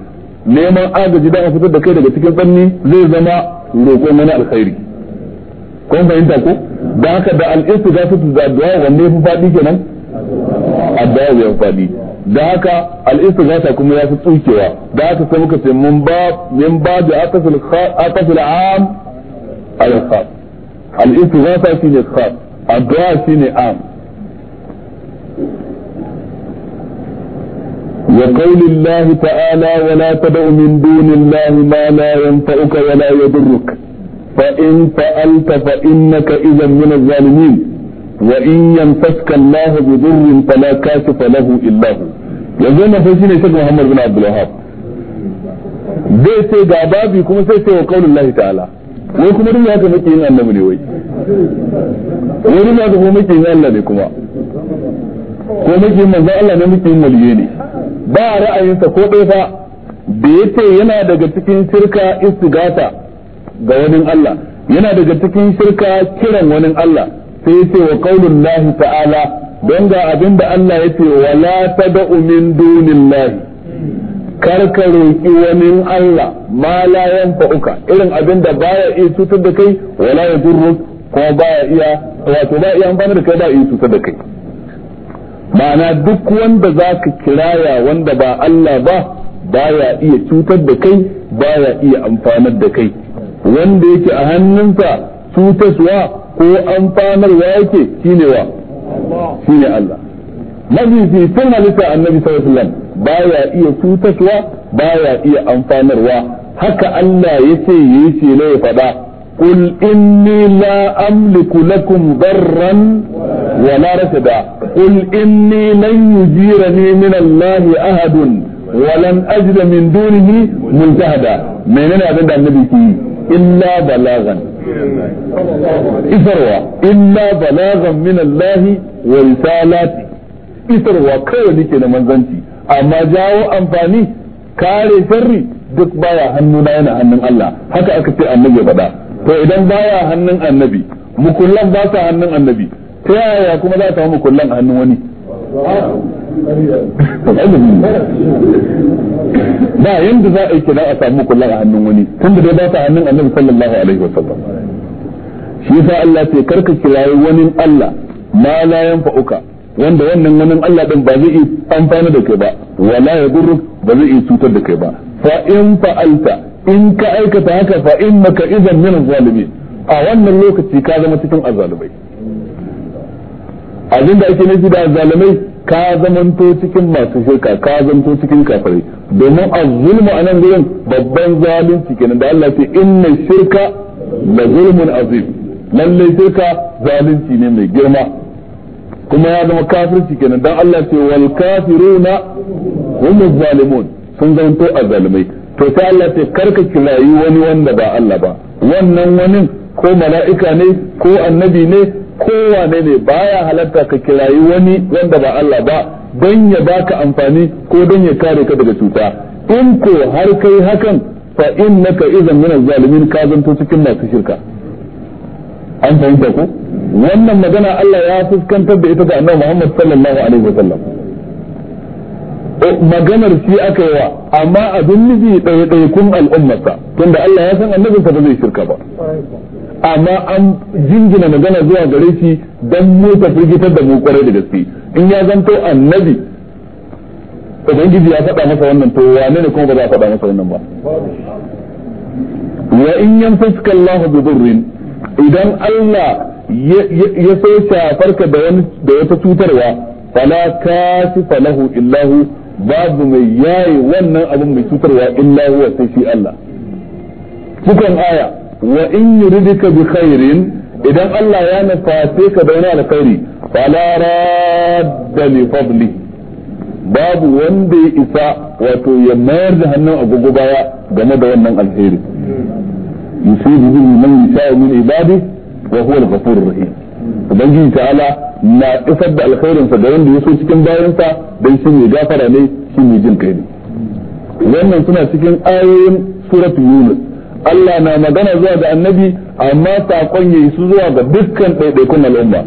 neman agaji da a fitar da kai daga cikin tsanni zai zama roƙon wani alkhairi kun fahimta ko da haka da al'istu za su da addu'a wanne fi faɗi kenan addu'a ya faɗi da haka al'istu za kuma ya fi tsukewa da haka sai muka ce mun ba min ba da akasul akasul am al khas al'istu za ta shine khas addu'a shine am وقول الله تعالى ولا تدع من دون الله ما لا ينفعك ولا يضرك فإن فعلت فإنك إذا من الظالمين وإن يمسسك الله بضر فلا كاشف له إلا هو yanzu wannan sai shine Sheikh Muhammad bin Abdul zai ce ga babi kuma sai sai wa qaulullahi ta'ala wai kuma duk haka muke yin annabi ne wai wani ma kuma muke yin Allah ne kuma ko muke yin manzo Allah ne muke yin ne ba ra'ayinsa ko ɗaya fa da yace yana daga cikin shirka istigata ga wani Allah yana daga cikin shirka kiran wani Allah sai yace wa qaulun lahi ta'ala don ga abin da Allah yace wala tad'u min dunillahi karka roƙi wani Allah ma la fa'uka irin abin da baya iya cutar da kai wala yadurruk ko baya iya wato ba iya amfani da kai ba iya cutar da kai ma'ana duk wanda za ka kiraya wanda ba Allah ba baya iya cutar da kai baya iya amfanar da kai wanda yake a hannunsa cutaswa ko amfanarwa yake shine wa shine Allah mafi tun halitta annabi sallallahu alaihi wasallam baya iya cutaswa baya iya amfanarwa haka Allah yace yace ne ya faɗa قل إني لا أملك لكم ضرا ولا رشدا قل إني لن يجيرني من الله أحد ولن أجد من دونه ملتهدا من أنا أبدا في النبي إلا بلاغا إسروا إلا بلاغا من الله ورسالاته إسروا كوني كنا منزنتي أما جاءوا أنفاني كاري سري duk baya hannuna yana hannun Allah haka aka ce annabi ya faɗa to idan baya hannun annabi mukullan ba sa hannun annabi ta yaya kuma za ta mukullan a hannun wani ba yanda za a yi kira a samu mukullan a hannun wani tunda dai ba sa hannun annabi sallallahu alaihi wa sallam shi yasa Allah ce karka kirayi wani Allah ma la yanfa'uka wanda wannan wani Allah din ba zai amfana da kai ba wala ya yadurruk ba zai cutar da kai ba fa in fa'alta in ka aikata haka fa innaka idan min zalimin a wannan lokaci ka zama cikin azzalumai abin da ake nufi da azzalumai ka zamanto cikin masu shirka ka zamanto cikin kafirai domin azzulmu a nan gurin babban zalunci kenan da Allah ce inna shirka la zulmun azim lallai shirka zalunci ne mai girma kuma ya zama kafirci kenan dan Allah ce wal kafiruna hum zalimun sun zamanto azzalumai to ta Allah ce karka kirayi wani wanda ba Allah ba wannan wani ko mala'ika ne ko annabi ne ko wane ne baya halatta ka kirayi wani wanda ba Allah ba don ya baka amfani ko don ya kare ka daga cuta in ko har kai hakan fa innaka idan min zalimin ka zanto cikin masu shirka an fahimta ko wannan magana Allah ya fuskantar da ita ga Annabi Muhammad sallallahu alaihi wasallam maganar shi aka yi wa amma abin nufi ɗaiɗaikun al'ummarsa tunda Allah ya san annabi ba zai shirka ba amma an jingina magana zuwa gare shi don mu firgitar da mu kwarai da gaske in ya zanto annabi ubangiji ya faɗa masa wannan to wane ne kuma ba za a faɗa masa wannan ba wa in yamsaka Allahu bi durrin idan Allah ya so shafarka da wata cutarwa fala kasifa lahu illahu babu mai yaye wannan abin mai cutarwa illa huwa sai shi Allah cikin aya wa in yuridika bi khairin idan Allah ya nafase ka da wani alkhairi fala radda li fadli babu wanda ya isa wato ya mayar da hannun agogo baya game da wannan alheri yusibu bihi man yasha'u min ibadi wa huwa al-ghafurur rahim ubangiji ta'ala na isar da alkhairin sa da wanda ya so cikin bayansa dan shi ne gafara ne shi ne jin kai ne wannan suna cikin ayoyin suratu yunus Allah na magana zuwa ga annabi amma saƙon yayi su zuwa ga dukkan ɗaiɗaikun al'umma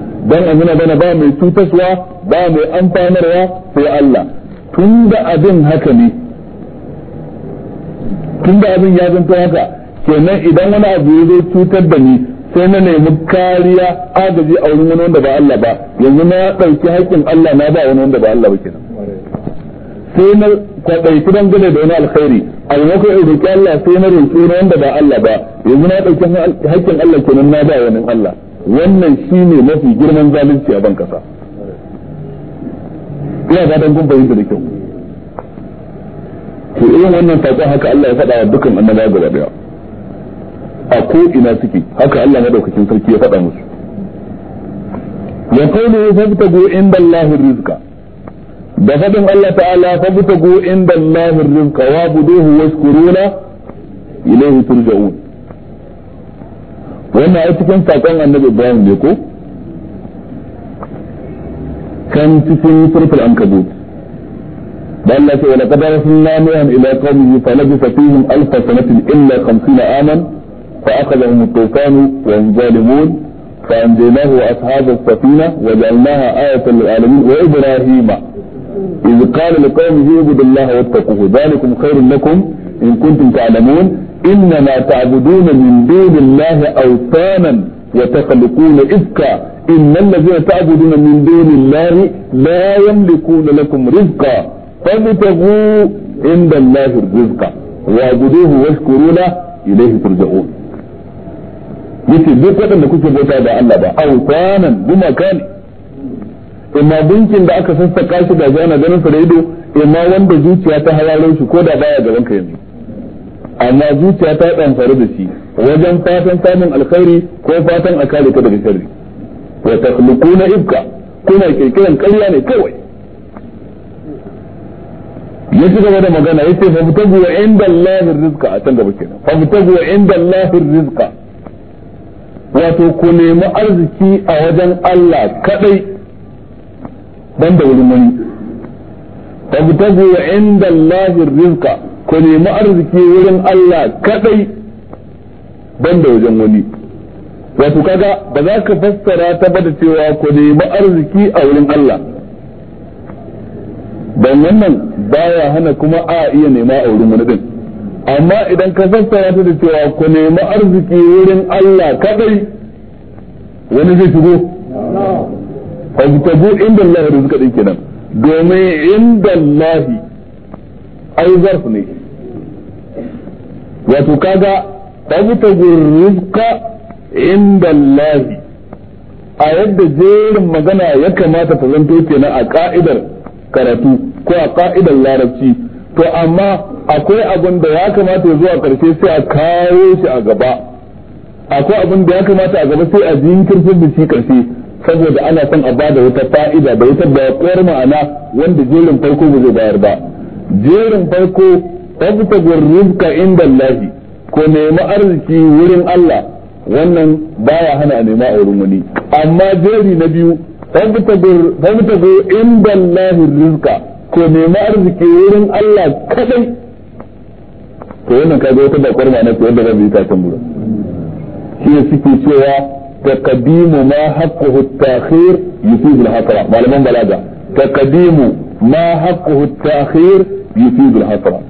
a nuna bana ba mai cutaswa ba mai amfanarwa sai Allah tun da abin haka ne tun da abin ya zanto haka kenan idan wani abu ya zo cutar da ni sai na nemi kariya agaji a wurin wani wanda ba Allah ba yanzu na ɗauki haƙƙin Allah na ba wani wanda ba Allah ba kenan sai na kwaɗaiki gane da wani alkhairi a maimakon in roƙi Allah sai na roƙi wani wanda ba Allah ba yanzu na ɗauki haƙƙin Allah kenan na ba wani Allah wannan shine mafi girman zalunci a ban kasa ina fatan kun fahimta da kyau to irin wannan saƙon haka Allah ya faɗa wa dukkan annabawa gaba daya a ko ina suke haka Allah madaukakin sarki ya faɗa musu wa qawluhu fabtagu inda Allah rizqa da fadin Allah ta'ala fa fabtagu inda Allah rizqa wa buduhu washkuruna ilayhi turja'un wannan ai cikin sakon annabi Ibrahim ne ko kan cikin surful ankabut بل ولقد أرسلنا نوحا إلى قومه فلبث فيهم alfa sanatin illa 50 aman فأخذهم الطوفان وهم ظالمون فأنجيناه وأصحاب السفينة وجعلناها آية للعالمين وإبراهيم إذ قال لقومه اعبدوا الله واتقوه ذلكم خير لكم إن كنتم تعلمون إنما تعبدون من دون الله أوثانا وتخلقون إفكا إن الذين تعبدون من دون الله لا يملكون لكم رزقا فابتغوا عند الله الرزق واعبدوه واشكروا له إليه ترجعون yace duk waɗanda kuke bauta da Allah ba aw kwanan gumaka ne imma dinkin da aka sassaka shi da ana ganin sa da ido imma wanda zuciya ta hararo shi ko da baya gaban ka yanzu amma zuciya ta faru da shi wajen fatan samun alkhairi ko fatan a kare ka daga sharri wa takhluquna ibka kuna kirkiran ƙarya ne kawai ya ci gaba da magana yace fa mutabu inda Allah rizqa a can gaba kenan fa mutabu inda Allah rizqa wato ku nemi arziki a wajen Allah kadai banda wurin wani tabtagu inda Allah rizqa ku nemi arziki wurin Allah kadai da wajen wani wato kaga ba za ka fassara ta bada cewa ku nemi arziki a wurin Allah dan wannan baya hana kuma a iya nema a wurin wani din amma idan ka fassara ta da cewa ku nemi arziki wurin Allah kadai wani zai shigo fajtabu inda Allah rizqa din kenan domin inda Allah ai zarf ne wato kaga fajtabu rizqa inda Allah a yadda jerin magana ya kamata ta zanto kenan a ka'idar karatu ko a ka'idar larabci to amma akwai abin da ya kamata zuwa karshe sai a kawo shi a gaba akwai abin da ya kamata a gaba sai a jinkirtar da shi karshe saboda ana son a bada wata fa'ida da wata bakwar ma'ana wanda jerin farko ba zai bayar ba jerin farko tabtagur rizqa inda Allah ko nemi arziki wurin Allah wannan baya hana a nema a wurin wani amma jeri na biyu tabtagur tabtagur inda Allah rizqa ko nemi arziki wurin Allah kadai to ka ga wata bakwar ma na ko yadda zan yi kasan gurin shi ne suke cewa taqdimu ma haqquhu at-ta'khir yufidu hasara malaman balaga taqdimu ma haqquhu at-ta'khir yufidu al-hasara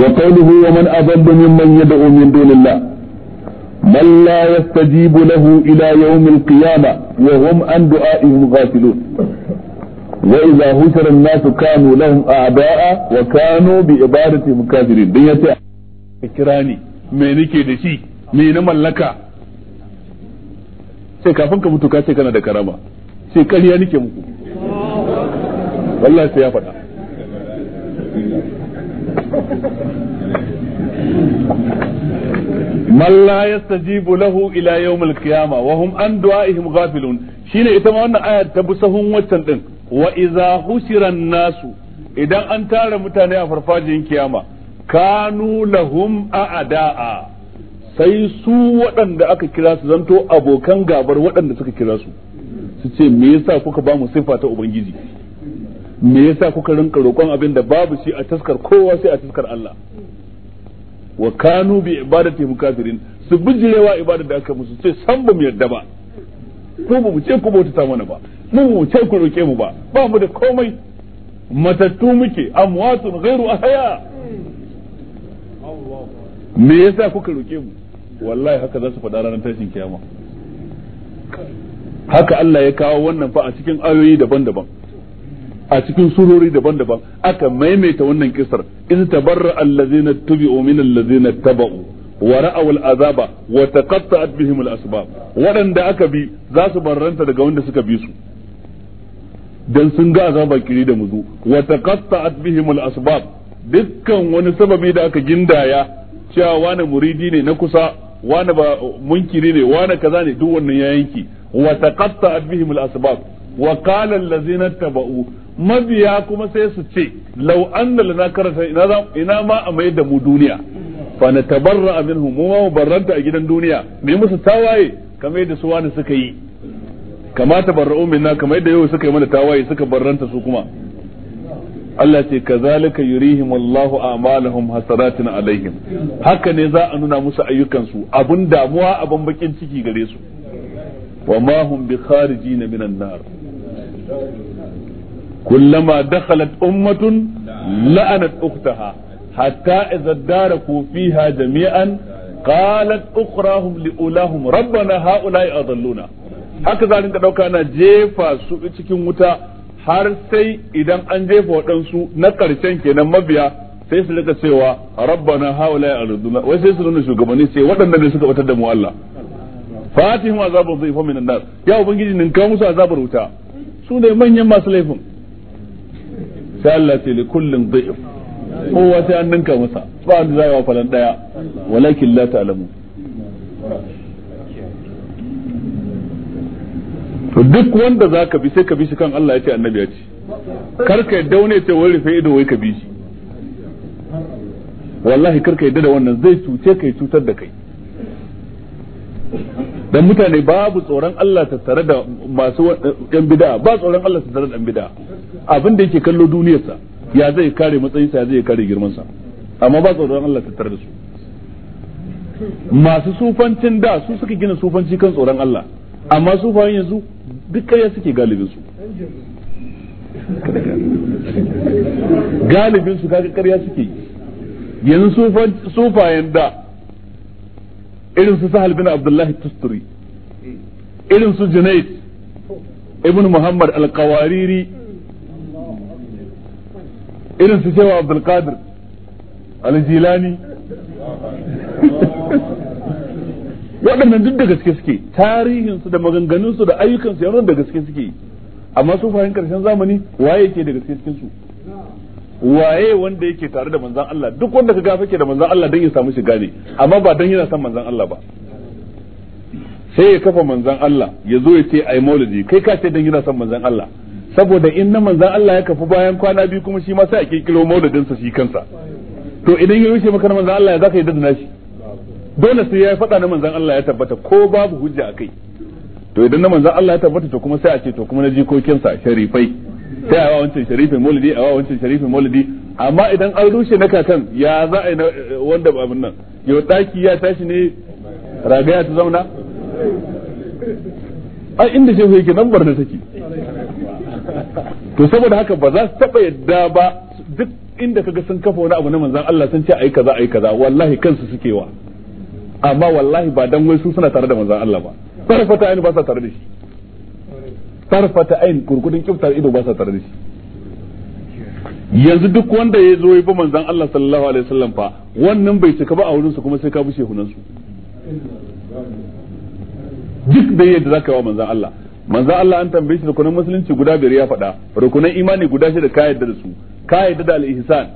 وقوله ومن أضل ممن يدعو من دون الله من لا يستجيب له إلى يوم القيامة وهم عن دعائهم غافلون وإذا هشر الناس كانوا لهم أعداء وكانوا بإبادتهم كافرين دي يتع إكراني مينيكي دشي مين ملكا sai kafin ka mutu ka ce kana da karama sai kariya nake muku wallahi sai ya faɗa man la yastajibu lahu ila yawm al-qiyamah wa hum an du'aihim ita ma wannan aya ta bi sahun ɗin. wa iza hushira nasu idan an tara mutane a farfajiyar kiyama kanu lahum a'da'a sai su waɗanda aka kira su zanto abokan gabar waɗanda suka kira su su ce me yasa kuka ba mu sifa ta ubangiji me yasa kuka rinka roƙon abin da babu shi a taskar kowa sai a taskar Allah wa kanu bi ibadati mukafirin su bijirewa ibadar da aka musu ce san ba mu yarda ba ko ba mu ce ku bauta ta mana ba mu mu ce ku roke mu ba ba mu da komai matattu muke amwatun ghairu ahya me yasa kuka roke mu wallahi haka za su faɗa ranar tashin kiyama haka Allah ya kawo wannan fa a cikin ayoyi daban-daban a cikin surori daban-daban aka maimaita wannan kisar in tabarra allazina tubi'u min allazina taba'u wa ra'awul azaba wa taqatta'at bihim al-asbab waɗanda aka bi za su barranta daga wanda suka bi su dan sun ga azaba kiri da muzu wa taqatta'at bihim al-asbab dukkan wani sababi da aka gindaya cewa wani muridi ne na kusa wani ba munkiri ne wani kaza ne duk wannan ya yanki wa taqatta'at bihim al-asbab wa qala allazina taba'u mabiya kuma sai su ce law anna lana ina ma a mai da mu duniya fana tabarra minhum mu mu barranta a gidan duniya mu musu tawaye kamar yadda su wani suka yi kama tabarra'u minna kamar yadda yau suka yi mana tawaye suka barranta su kuma Allah ce kazalika yurihim Allahu a'malahum hasaratin alaihim haka ne za a nuna musu ayyukansu abun damuwa abun bakin ciki gare su wa ma hum bi kharijin minan nar kullama dakhalat ummatun la'anat ukhtaha hatta إذا daraku فيها jami'an قالت ukhrahum لأولاهم ربنا هؤلاء أضلونا haka za rinka كان na jefa su cikin wuta har sai idan an jefa waɗansu na ƙarshen kenan mabiya sai su daga cewa rabbana ya adalluna wai sai su nuna shugabanni sai waɗanda ne suka batar da mu Allah fatihim azabun dhifa minan nas ya ubangiji nin ka musu azabar wuta su ne manyan masu laifin sai Allah ce li kullin dhif kowa sai an ninka masa ba an yi wa falan daya walakin la ta'lamu to duk wanda zaka bi sai ka bi shi kan Allah ya ce annabi ya ce kar ka yadda wani ya ce wai rufe ido wai ka bi shi wallahi kar ka yadda da wannan zai cuce kai cutar da kai dan mutane babu tsoron Allah tattare da masu eh, yan bid'a ba tsoron Allah tattare da yan bid'a abin da yake kallo duniyarsa ya zai kare matsayinsa ya zai kare girmansa amma ba tsoron Allah tattar da su masu sufancin da su suka gina sufanci kan tsoron Allah amma sufayen yanzu duk ya suke galibin su galibin su kaga ƙarya suke yanzu sufayen da irin su sahal bin abdullahi tusturi irin su junaid ibn muhammad al-qawariri irin su cewa abdulkadir aljilani waɗannan duk da gaske suke tarihinsu da maganganunsu da ayyukansu yawan da gaske suke amma su fahimtar karshen zamani waye ke da gaske cikin su waye wanda yake tare da manzan Allah duk wanda ka gafa ke da manzan Allah don ya samu shiga ne amma ba don yana son manzan Allah ba sai ya kafa manzan Allah ya zo ya ce ai maulidi kai ka ce don yana son manzan Allah saboda in na manzan Allah ya kafu bayan kwana biyu kuma shi ma sai a kirkiro maulidin shi kansa to idan ya rushe maka na manzan Allah ya zaka yi dadana shi dole sai ya faɗa na manzan Allah ya tabbata ko babu hujja a kai to idan na manzan Allah ya tabbata to kuma sai a ce to kuma na jikokinsa sharifai sai a wa wancan sharifin maulidi a wa wancan sharifin maulidi amma idan an rushe na kakan ya za a yi wanda babin nan yau daki ya tashi ne ragaya ta zauna a inda shehu yake nan barna take to saboda haka ba za su taba yadda ba duk inda kaga sun kafa wani abu na manzan Allah sun ce ai kaza ai kaza wallahi kansu suke wa amma wallahi ba dan wai su suna tare da manzan Allah ba tarfata ayin ba sa tare da shi tarfata ayin gurgudun kiftar ido ba sa tare da shi yanzu duk wanda ya zo ya bi manzon Allah sallallahu alaihi wasallam fa wannan bai cika ba a wurin su kuma sai ka bushe hunansu duk da yadda zaka yi wa manzan Allah manzo Allah an tambaye shi rukunin musulunci guda biyar ya faɗa rukunin imani guda shida ka yadda da su ka yadda da al-ihsan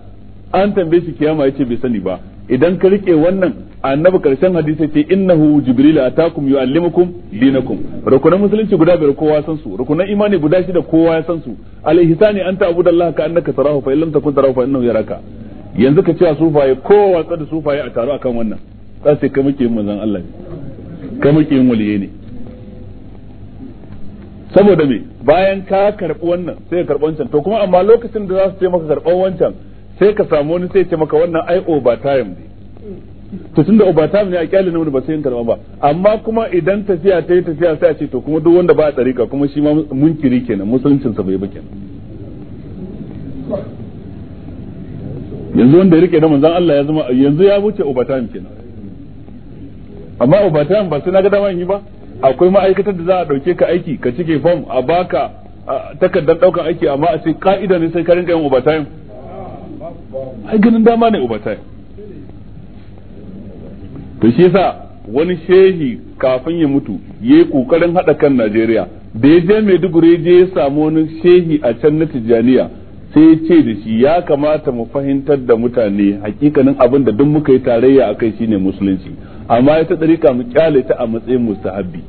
an tambaye shi kiyama yace bai sani ba idan ka rike wannan annabi karshen hadisi ce innahu jibril atakum yuallimukum dinakum rukunan musulunci guda biyar kowa san su rukunan imani guda shida kowa ya san su al-ihsani anta abudallahi ka annaka tarahu fa illam takun tarahu fa innahu yaraka yanzu ka cewa sufaye kowa tsada sufaye a taro akan wannan sai kai muke yin manzon Allah ne kai muke yin waliye ne saboda me bayan ka karɓi wannan sai ka karɓi wancan to kuma amma lokacin da za su ce maka karɓan wancan sai ka samu wani sai ce maka wannan ai overtime ne to tunda overtime ne a kyale ne ba sai karɓa ba amma kuma idan tafiya ta yi tafiya sai a ce to kuma duk wanda ba a tsarika kuma shi ma munkiri kenan musuluncin sa bai ba kenan yanzu wanda ya rike da manzon Allah ya zama yanzu ya wuce overtime kenan amma overtime ba sai na ga dama yi ba akwai ma'aikatar da za a dauke ka aiki ka cike form a baka takardar daukar aiki amma a ce ka'ida ne sai ka rinka yin overtime ai ganin dama ne overtime to shi yasa wani shehi kafin ya mutu ya yi kokarin haɗa kan Najeriya da ya je Maiduguri je ya samu wani shehi a can na Tijjaniya sai ya ce da shi ya kamata mu fahimtar da mutane hakikanin abin da duk muka yi tarayya a akai shine musulunci amma ta dariƙa mu kyale ta a matsayin mustahabbi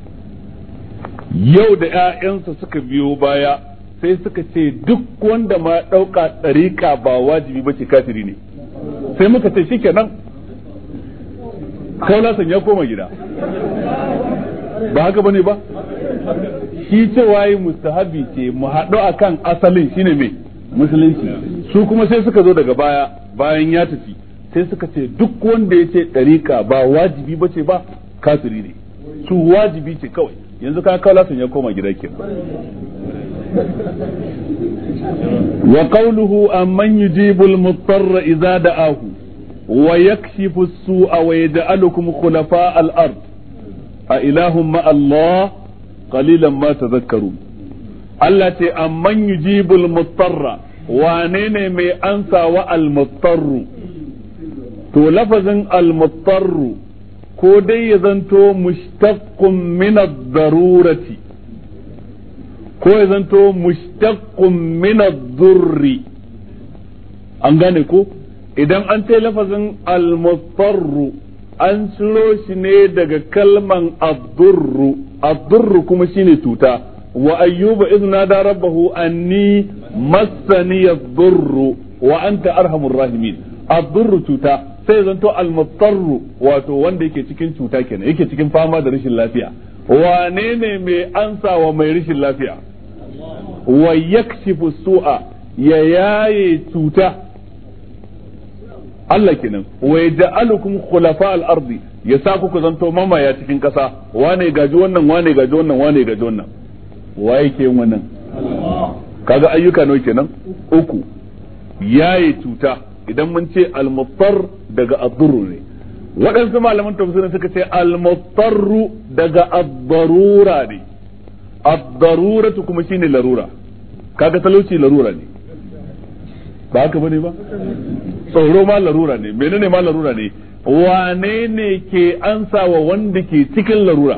yau da 'ya'yansa suka biyo baya sai suka ce duk wanda ma ɗauka ɗariƙa ba wajibi ba ce kafiri ne sai muka ce shi kenan lasan ya koma gida ba haka ba ne ba shi ce waye mustahabi ce mu haɗu kan asalin shine mai musulunci su kuma sai suka zo daga baya bayan ya tafi sai suka ce duk wanda ya ce ɗariƙa ba wajibi ba ce ba kafiri ne su wajibi ce kawai yanzu ka kawo lasin ya koma gida ke wa qawluhu amman yujibul mutarra idza da'ahu wa yakshifu as-su'a wa yaj'alukum khulafa' al-ard a ilahum ma Allah qalilan ma tadhakkarun Allah ce amman yujibul mutarra wane ne mai ansa wa al-mutarru to lafazin al-mutarru ko dai ya zanto mushtaqqun min ad-darurati ko ya zanto mushtaqqun min ad-durri an gane ko idan an ce lafazin al-mustarru an ciro shi ne daga kalman ad-durru ad-durru kuma shine tuta wa ayyuba idna da rabbahu anni massani ad-durru wa anta arhamur rahimin ad-durru tuta sai zanto almutarru wato wanda yake cikin cuta kenan yake cikin fama da rashin lafiya wane ne mai ansa wa mai rashin lafiya wa yakshifu su'a ya yaye cuta Allah kenan wa yaj'alukum khulafa al-ardi ya sa ku zanto mamaya cikin kasa wane gaji wannan wane gaji wannan wane gaji wannan waye ke wannan kaga ayyuka nawa kenan uku yaye cuta idan mun ce al-muttar daga ad-durr ne waɗansu malaman tafsirin suka ce al daga ad-darura ne ad-daruratu kuma shine larura kaga talauci larura ne ba haka bane ba tsoro ma larura ne menene ma larura ne wane ne ke ansa wa wanda ke cikin larura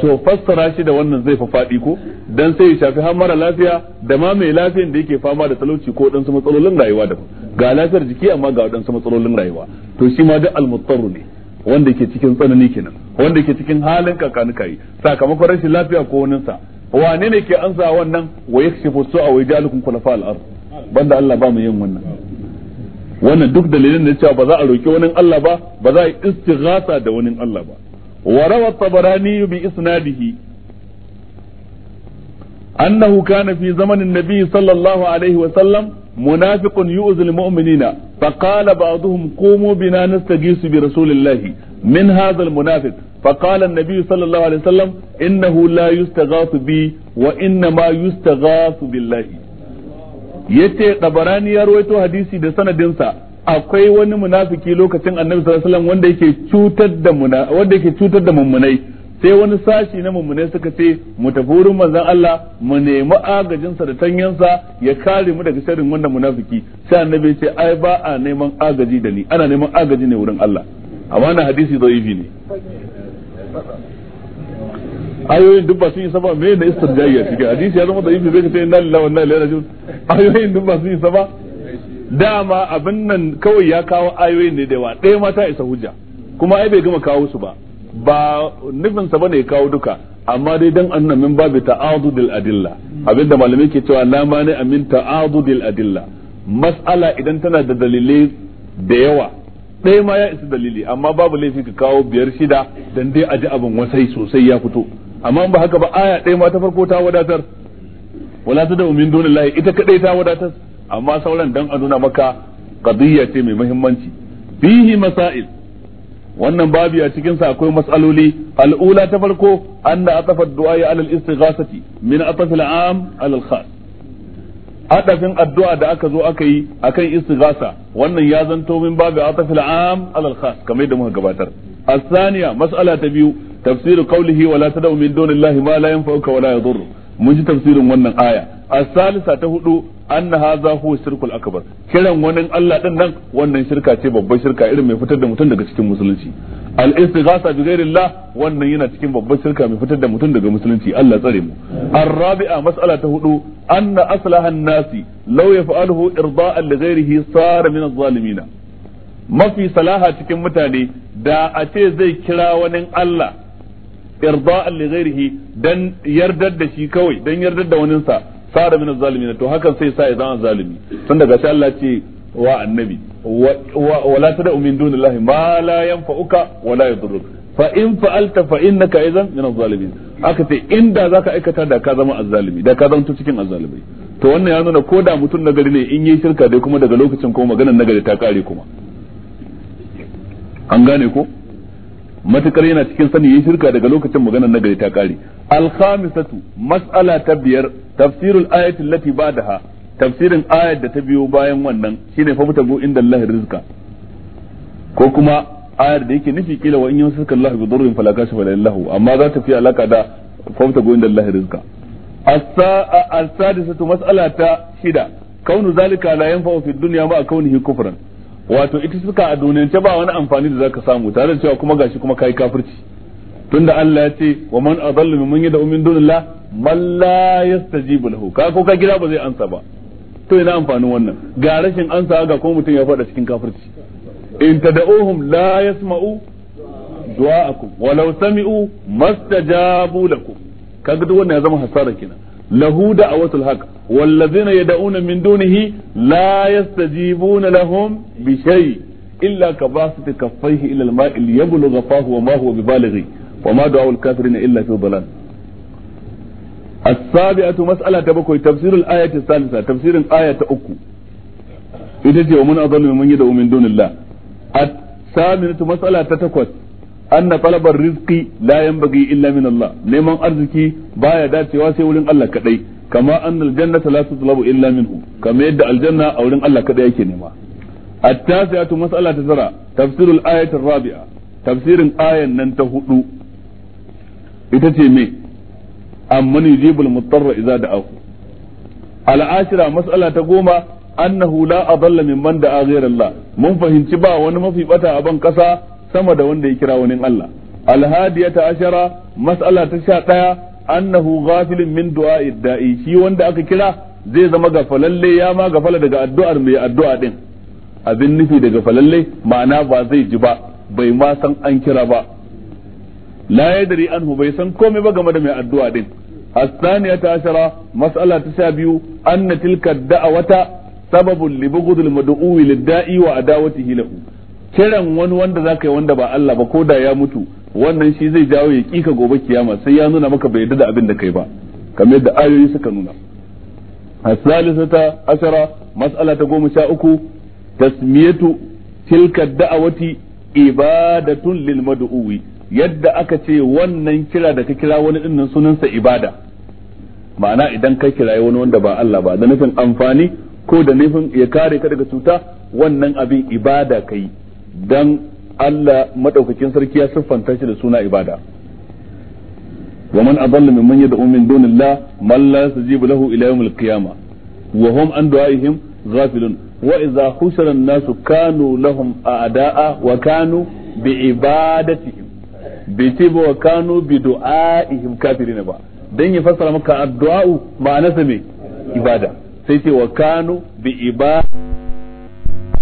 to fassara shi da wannan zai fa ko dan sai ya shafi har mara lafiya da ma mai lafiyan da yake fama da talauci ko dan su matsalolin rayuwa daban ga lafiyar jiki amma ga waɗansu matsalolin rayuwa to shi ma duk almuttaru ne wanda ke cikin tsanani kenan wanda ke cikin halin kakanuka yi sakamakon rashin lafiya ko wani sa wane ne ke ansa wannan wa yakshifu a wa yajalukum khulafa al-ard banda Allah ba mu yin wannan wannan duk dalilin da cewa ba za a roki wani Allah ba ba za a istighatha da wani Allah ba wa rawat tabarani bi isnadihi أنه كان في زمن النبي صلى الله عليه وسلم منافق يؤذي المؤمنين فقال بعضهم قوموا بنا نستجيس برسول الله من هذا المنافق فقال النبي صلى الله عليه وسلم إنه لا يستغاث بي وإنما يستغاث بالله yace dabarani ya rawaito hadisi da sanadinsa akwai wani munafiki lokacin annabi sallallahu alaihi wasallam wanda yake cutar da wanda yake cutar da mummunai sai wani sashi na mummune suka ce mu tafi wurin manzon Allah mu nemi agajinsa da tanyansa ya kare mu daga sharrin wannan munafiki sai annabi ya ce ai ba a neman agaji da ni ana neman agaji ne wurin Allah amma na hadisi dhaifi ne ayoyin duk ba sun yi saba me ne istirjai ya cikin hadisi ya zama dhaifi bai ce inna lillahi wa inna ilaihi raji'un ayoyin duk ba sun yi saba dama abin nan kawai ya kawo ayoyin ne da yawa ɗaya ma ta isa hujja kuma ai bai gama kawo su ba ba nufin sa bane kawo duka amma dai dan annan min babu ta'adudil adilla abinda malamai ke cewa ma ne amin ta'adudil adilla mas'ala idan tana da dalilai da yawa ɗaya ma ya isa dalili amma babu laifi ka kawo biyar shida dan dai aji abin wasai sosai ya fito amma ba haka ba aya ɗaya ma ta farko ta wadatar wala ta da umin dunillahi ita kadai ta wadatar amma sauran dan a nuna maka qadiyya ce mai muhimmanci fihi masail wannan babi a cikin sa akwai matsaloli al'ula ta farko anna atafa du'a ya alal istighasati min ataf al'am alal khas adafin addu'a da aka zo aka yi akan istighasa wannan ya zanto min babi ataf al'am alal khas kamar da muka gabatar الثانية مسألة تبيو تفسير قوله ولا wala من دون الله ما لا ينفعك ولا يضرك mun ji tafsirin wannan aya a salisa ta hudu anna hadha huwa shirkul akbar kiran wani Allah din nan wannan shirka ce babban shirka irin mai fitar da mutum daga cikin musulunci al-istighasa bi ghairillah wannan yana cikin babban shirka mai fitar da mutum daga musulunci Allah tsare mu ar-rabi'a mas'ala ta hudu anna aslaha an-nasi law yaf'aluhu irda'an li ghairihi sara min adh-dhalimin mafi salaha cikin mutane da a ce zai kira wani Allah irda'an li ghairihi dan yardar da shi kawai dan yardar da wanin sa sara min zalimin to hakan sai sa ya zama zalimi tun daga sai Allah ce wa annabi wa la tad'u min dunillahi ma la yanfa'uka wa la yadurruka fa in fa'alta fa innaka idan min zalimin aka ce inda zaka aikata da ka zama azzalimi da ka zanto cikin azzalimai to wannan ya nuna ko da mutum nagari ne in yi shirka dai kuma daga lokacin kuma maganar nagari ta kare kuma an gane ko matukar yana cikin sani yayin shirka daga lokacin maganar nagari ta kare al mas'ala ta biyar tafsirul ayati allati ba'daha tafsirin ayat da ta biyo bayan wannan shine fa futabu inda Allah rizqa ko kuma ayar da yake nufi kila wa in yamsaka Allah bi dhurrin fala kashifa lahu amma za ta fi alaka da fa futabu inda Allah rizqa as-sadisatu mas'ala ta shida kaunu zalika la yanfa'u fi dunya ma kaunihi kufran wato ita suka a duniyance ba wani amfani da zaka samu tare da cewa kuma gashi kuma kai kafirci tunda Allah ya ce wa man adallu mimman yad'u min dunillah man la yastajibu lahu ka ko ka gida ba zai ansa ba to ina amfanin wannan ga rashin ansa ga ko mutum ya faɗa cikin kafirci in tad'uhum la yasma'u du'aakum walau sami'u mastajabu lakum kaga duk wannan ya zama hasara kenan Lahuda da a wasu haka wallazina ya da'una min dunihi la yastajibuna lahum bi shay illa ka basu ta kafaihi ila al-ma'il yablu ghafahu wa ma huwa bi wa ma du'a al-kafirin illa fi dhalal as-sabi'atu mas'ala ta bakwai tafsir al-ayati salisa tafsirin aya ta ita ce wa mun adallu mun yada'u min dunillah at-saminatu mas'ala ta takwas anna talabar rizqi la yanbaghi illa min Allah neman arziki baya dacewa sai wurin Allah kaɗai kama annal jannata la tutlabu illa minhu kama yadda aljanna a wurin Allah kadai yake nema at-tasi'atu mas'alatu zara tafsirin ayan nan ta hudu ita ce me amman mas'ala ta goma annahu la adalla mimman da'a mun fahimci ba wani mafi bata a ban ƙasa. sama da wanda ya kira wani Allah alhadiyata ashara mas'ala ta sha ɗaya annahu ghafilun min du'a'i da'i shi wanda aka kira zai zama gafalalle ya ma gafala daga addu'ar mai addu'a din abin nufi daga falalle ma'ana ba zai ji ba bai ma san an kira ba la yadri anhu bai san komai ba game da mai addu'a din الثانية عشرة مسألة تسابيو أن تلك libugudul سبب لبغض wa a وعداوته له kiran wani wanda za ka yi wanda ba Allah ba ko da ya mutu wannan shi zai jawo ya kika gobe kiyama sai ya nuna maka bai yadda da abin da kai ba kamar yadda ayoyi suka nuna ta asara mas'ala ta goma sha uku tasmiyatu tilka da'awati ibadatun lil mad'uwi yadda aka ce wannan kira da ka kira wani dinnan sunansa ibada ma'ana idan ka kira wani wanda ba Allah ba da nufin amfani ko da nufin ya kare ka daga cuta wannan abin ibada kai dan Allah madaukakin sarki ya siffanta shi da suna ibada wa man adalla mimman yad'u min dunillah man la yastajibu lahu ila yawmil qiyamah wa hum an du'aihim ghafilun wa idza hushira an-nasu kanu lahum a'da'a wa kanu bi ibadatihim bi tibu wa kanu bi du'aihim kafirin ba dan ya fassara maka addu'a ma'anarsa me ibada sai ce wa kanu bi ibada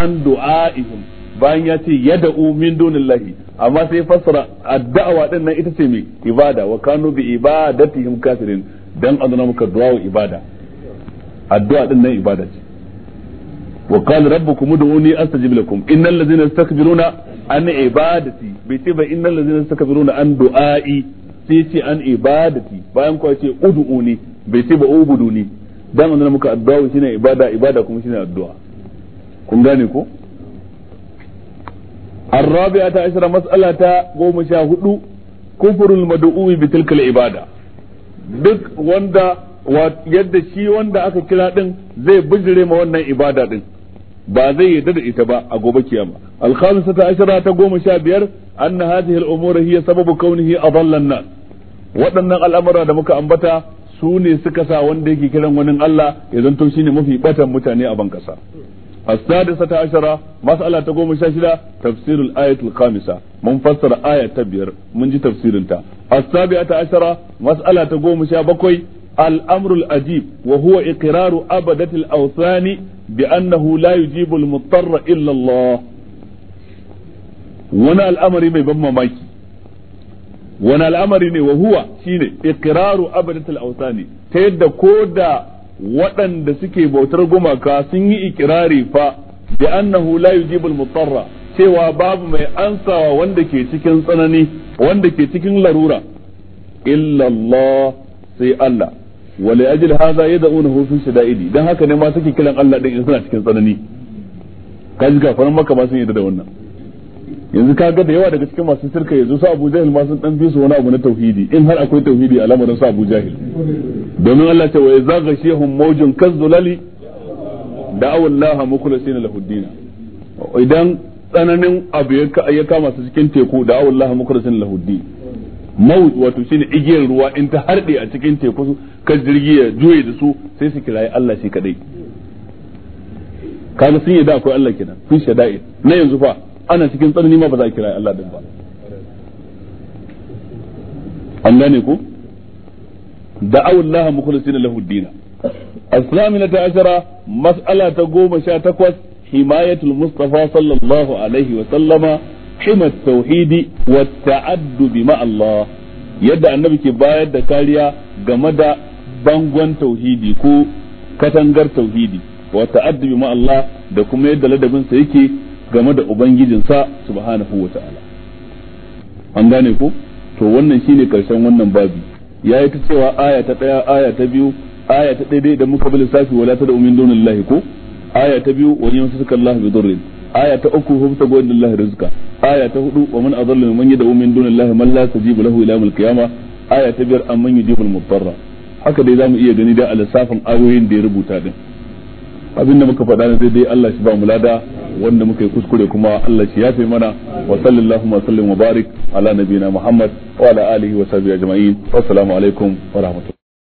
an du'aihim bayan ya ce yada umin min lahi amma sai fassara addu'a din nan ita ce mai ibada wa kanu bi ibadatihim kafirin dan azna muka du'a ibada addu'a din nan ibada ce wa qala rabbukum ud'uni astajib lakum innal ladzina yastakbiruna an ibadati bai ce ba innal ladzina yastakbiruna an du'ai sai ce an ibadati bayan kuwa ce ud'uni bai ce ba ubuduni dan azna muka addu'a shine ibada ibada kuma shine addu'a kun gane ko الرابعة عشر مسألة قوم شاهدوا كفر المدعو بتلك ibada duk wanda yadda shi wanda aka kira din zai bijire ma wannan ibada din ba zai yarda da ita ba a gobe kiyama al-khamisata ashara ta goma sha biyar anna hadhihi al-umura hiya sababu kaunihi a an-nas waɗannan al'amura da muka ambata su ne suka sa wanda yake kiran wani Allah ya zanto ne mafi batan mutane a ban kasa السادسة عشرة مسألة تقوم شاشدة تفسير الآية الخامسة من فسر آية تبير من جي تفسير انت السابعة عشرة مسألة تقوم شابكوي الأمر الأجيب وهو إقرار أبدة الأوثان بأنه لا يجيب المضطر إلا الله وانا الأمر ما يبمى مايكي وانا الأمر وهو شيني إقرار أبدة الأوثان تيد كودا waɗanda suke bautar gumaka sun yi ikirari fa da annahu la yujibul mutarra cewa babu mai ansawa wanda ke cikin tsanani wanda ke cikin larura illa Allah sai Allah wa li ajli hadha yad'unahu fi shada'idi dan haka ne ma suke kiran Allah din in suna cikin tsanani kaji gafaran maka ba sun yi da wannan yanzu ka ga da yawa daga cikin masu shirka yanzu su Abu Jahil ma sun dan fi su wani abu na tauhidi in har akwai tauhidi a lamarin su Abu Jahil domin Allah ce wa yaza gashihum mawjun kazzulali da awallaha mukhlisina lahuddina idan tsananin abu ya kama su cikin teku da awallaha mukhlisina lahuddi mawj wato shine igiyar ruwa in ta harde a cikin teku ka jirgi ya juye da su sai su kirayi Allah shi kadai kaga sun yi da akwai Allah kenan sun shada'i na yanzu fa ana cikin tsanani ma ba za a kira Allah din ba an gane ko da'awu Allah mukhlisina lahu ad-din ta ashara mas'ala ta goma sha takwas himayatul mustafa sallallahu alaihi wa sallama himat tauhidi wa ta'addubi ma Allah yadda annabi ke bayar da kariya game da bangon tauhidi ko katangar tauhidi wa ta'addubi ma Allah da kuma yadda ladabinsa yake game da ubangijinsa subhanahu wata'ala an gane ku to wannan shine karshen wannan babi ya yi ta cewa aya ta ɗaya aya ta biyu aya ta ɗaya da muka bi lissafi wala ta da umin dunillahi ko aya ta biyu wani yamsuka Allah bi durrin aya ta uku hubta go inda Allah rizqa aya ta hudu wa man adallu mimman yad'u min dunillahi man la tajibu lahu ila yawmil qiyamah aya ta biyar amman yujibul mudarra haka dai zamu iya gani da a lissafin ayoyin da ya rubuta din abin da muka faɗa na daidai Allah shi ba mu lada wanda muka yi kuskure kuma Allah shi yafe mana wa sallallahu wa sallim wa barik ala nabiyina Muhammad wa ala alihi wa sahbihi ajma'in assalamu alaikum wa rahmatullahi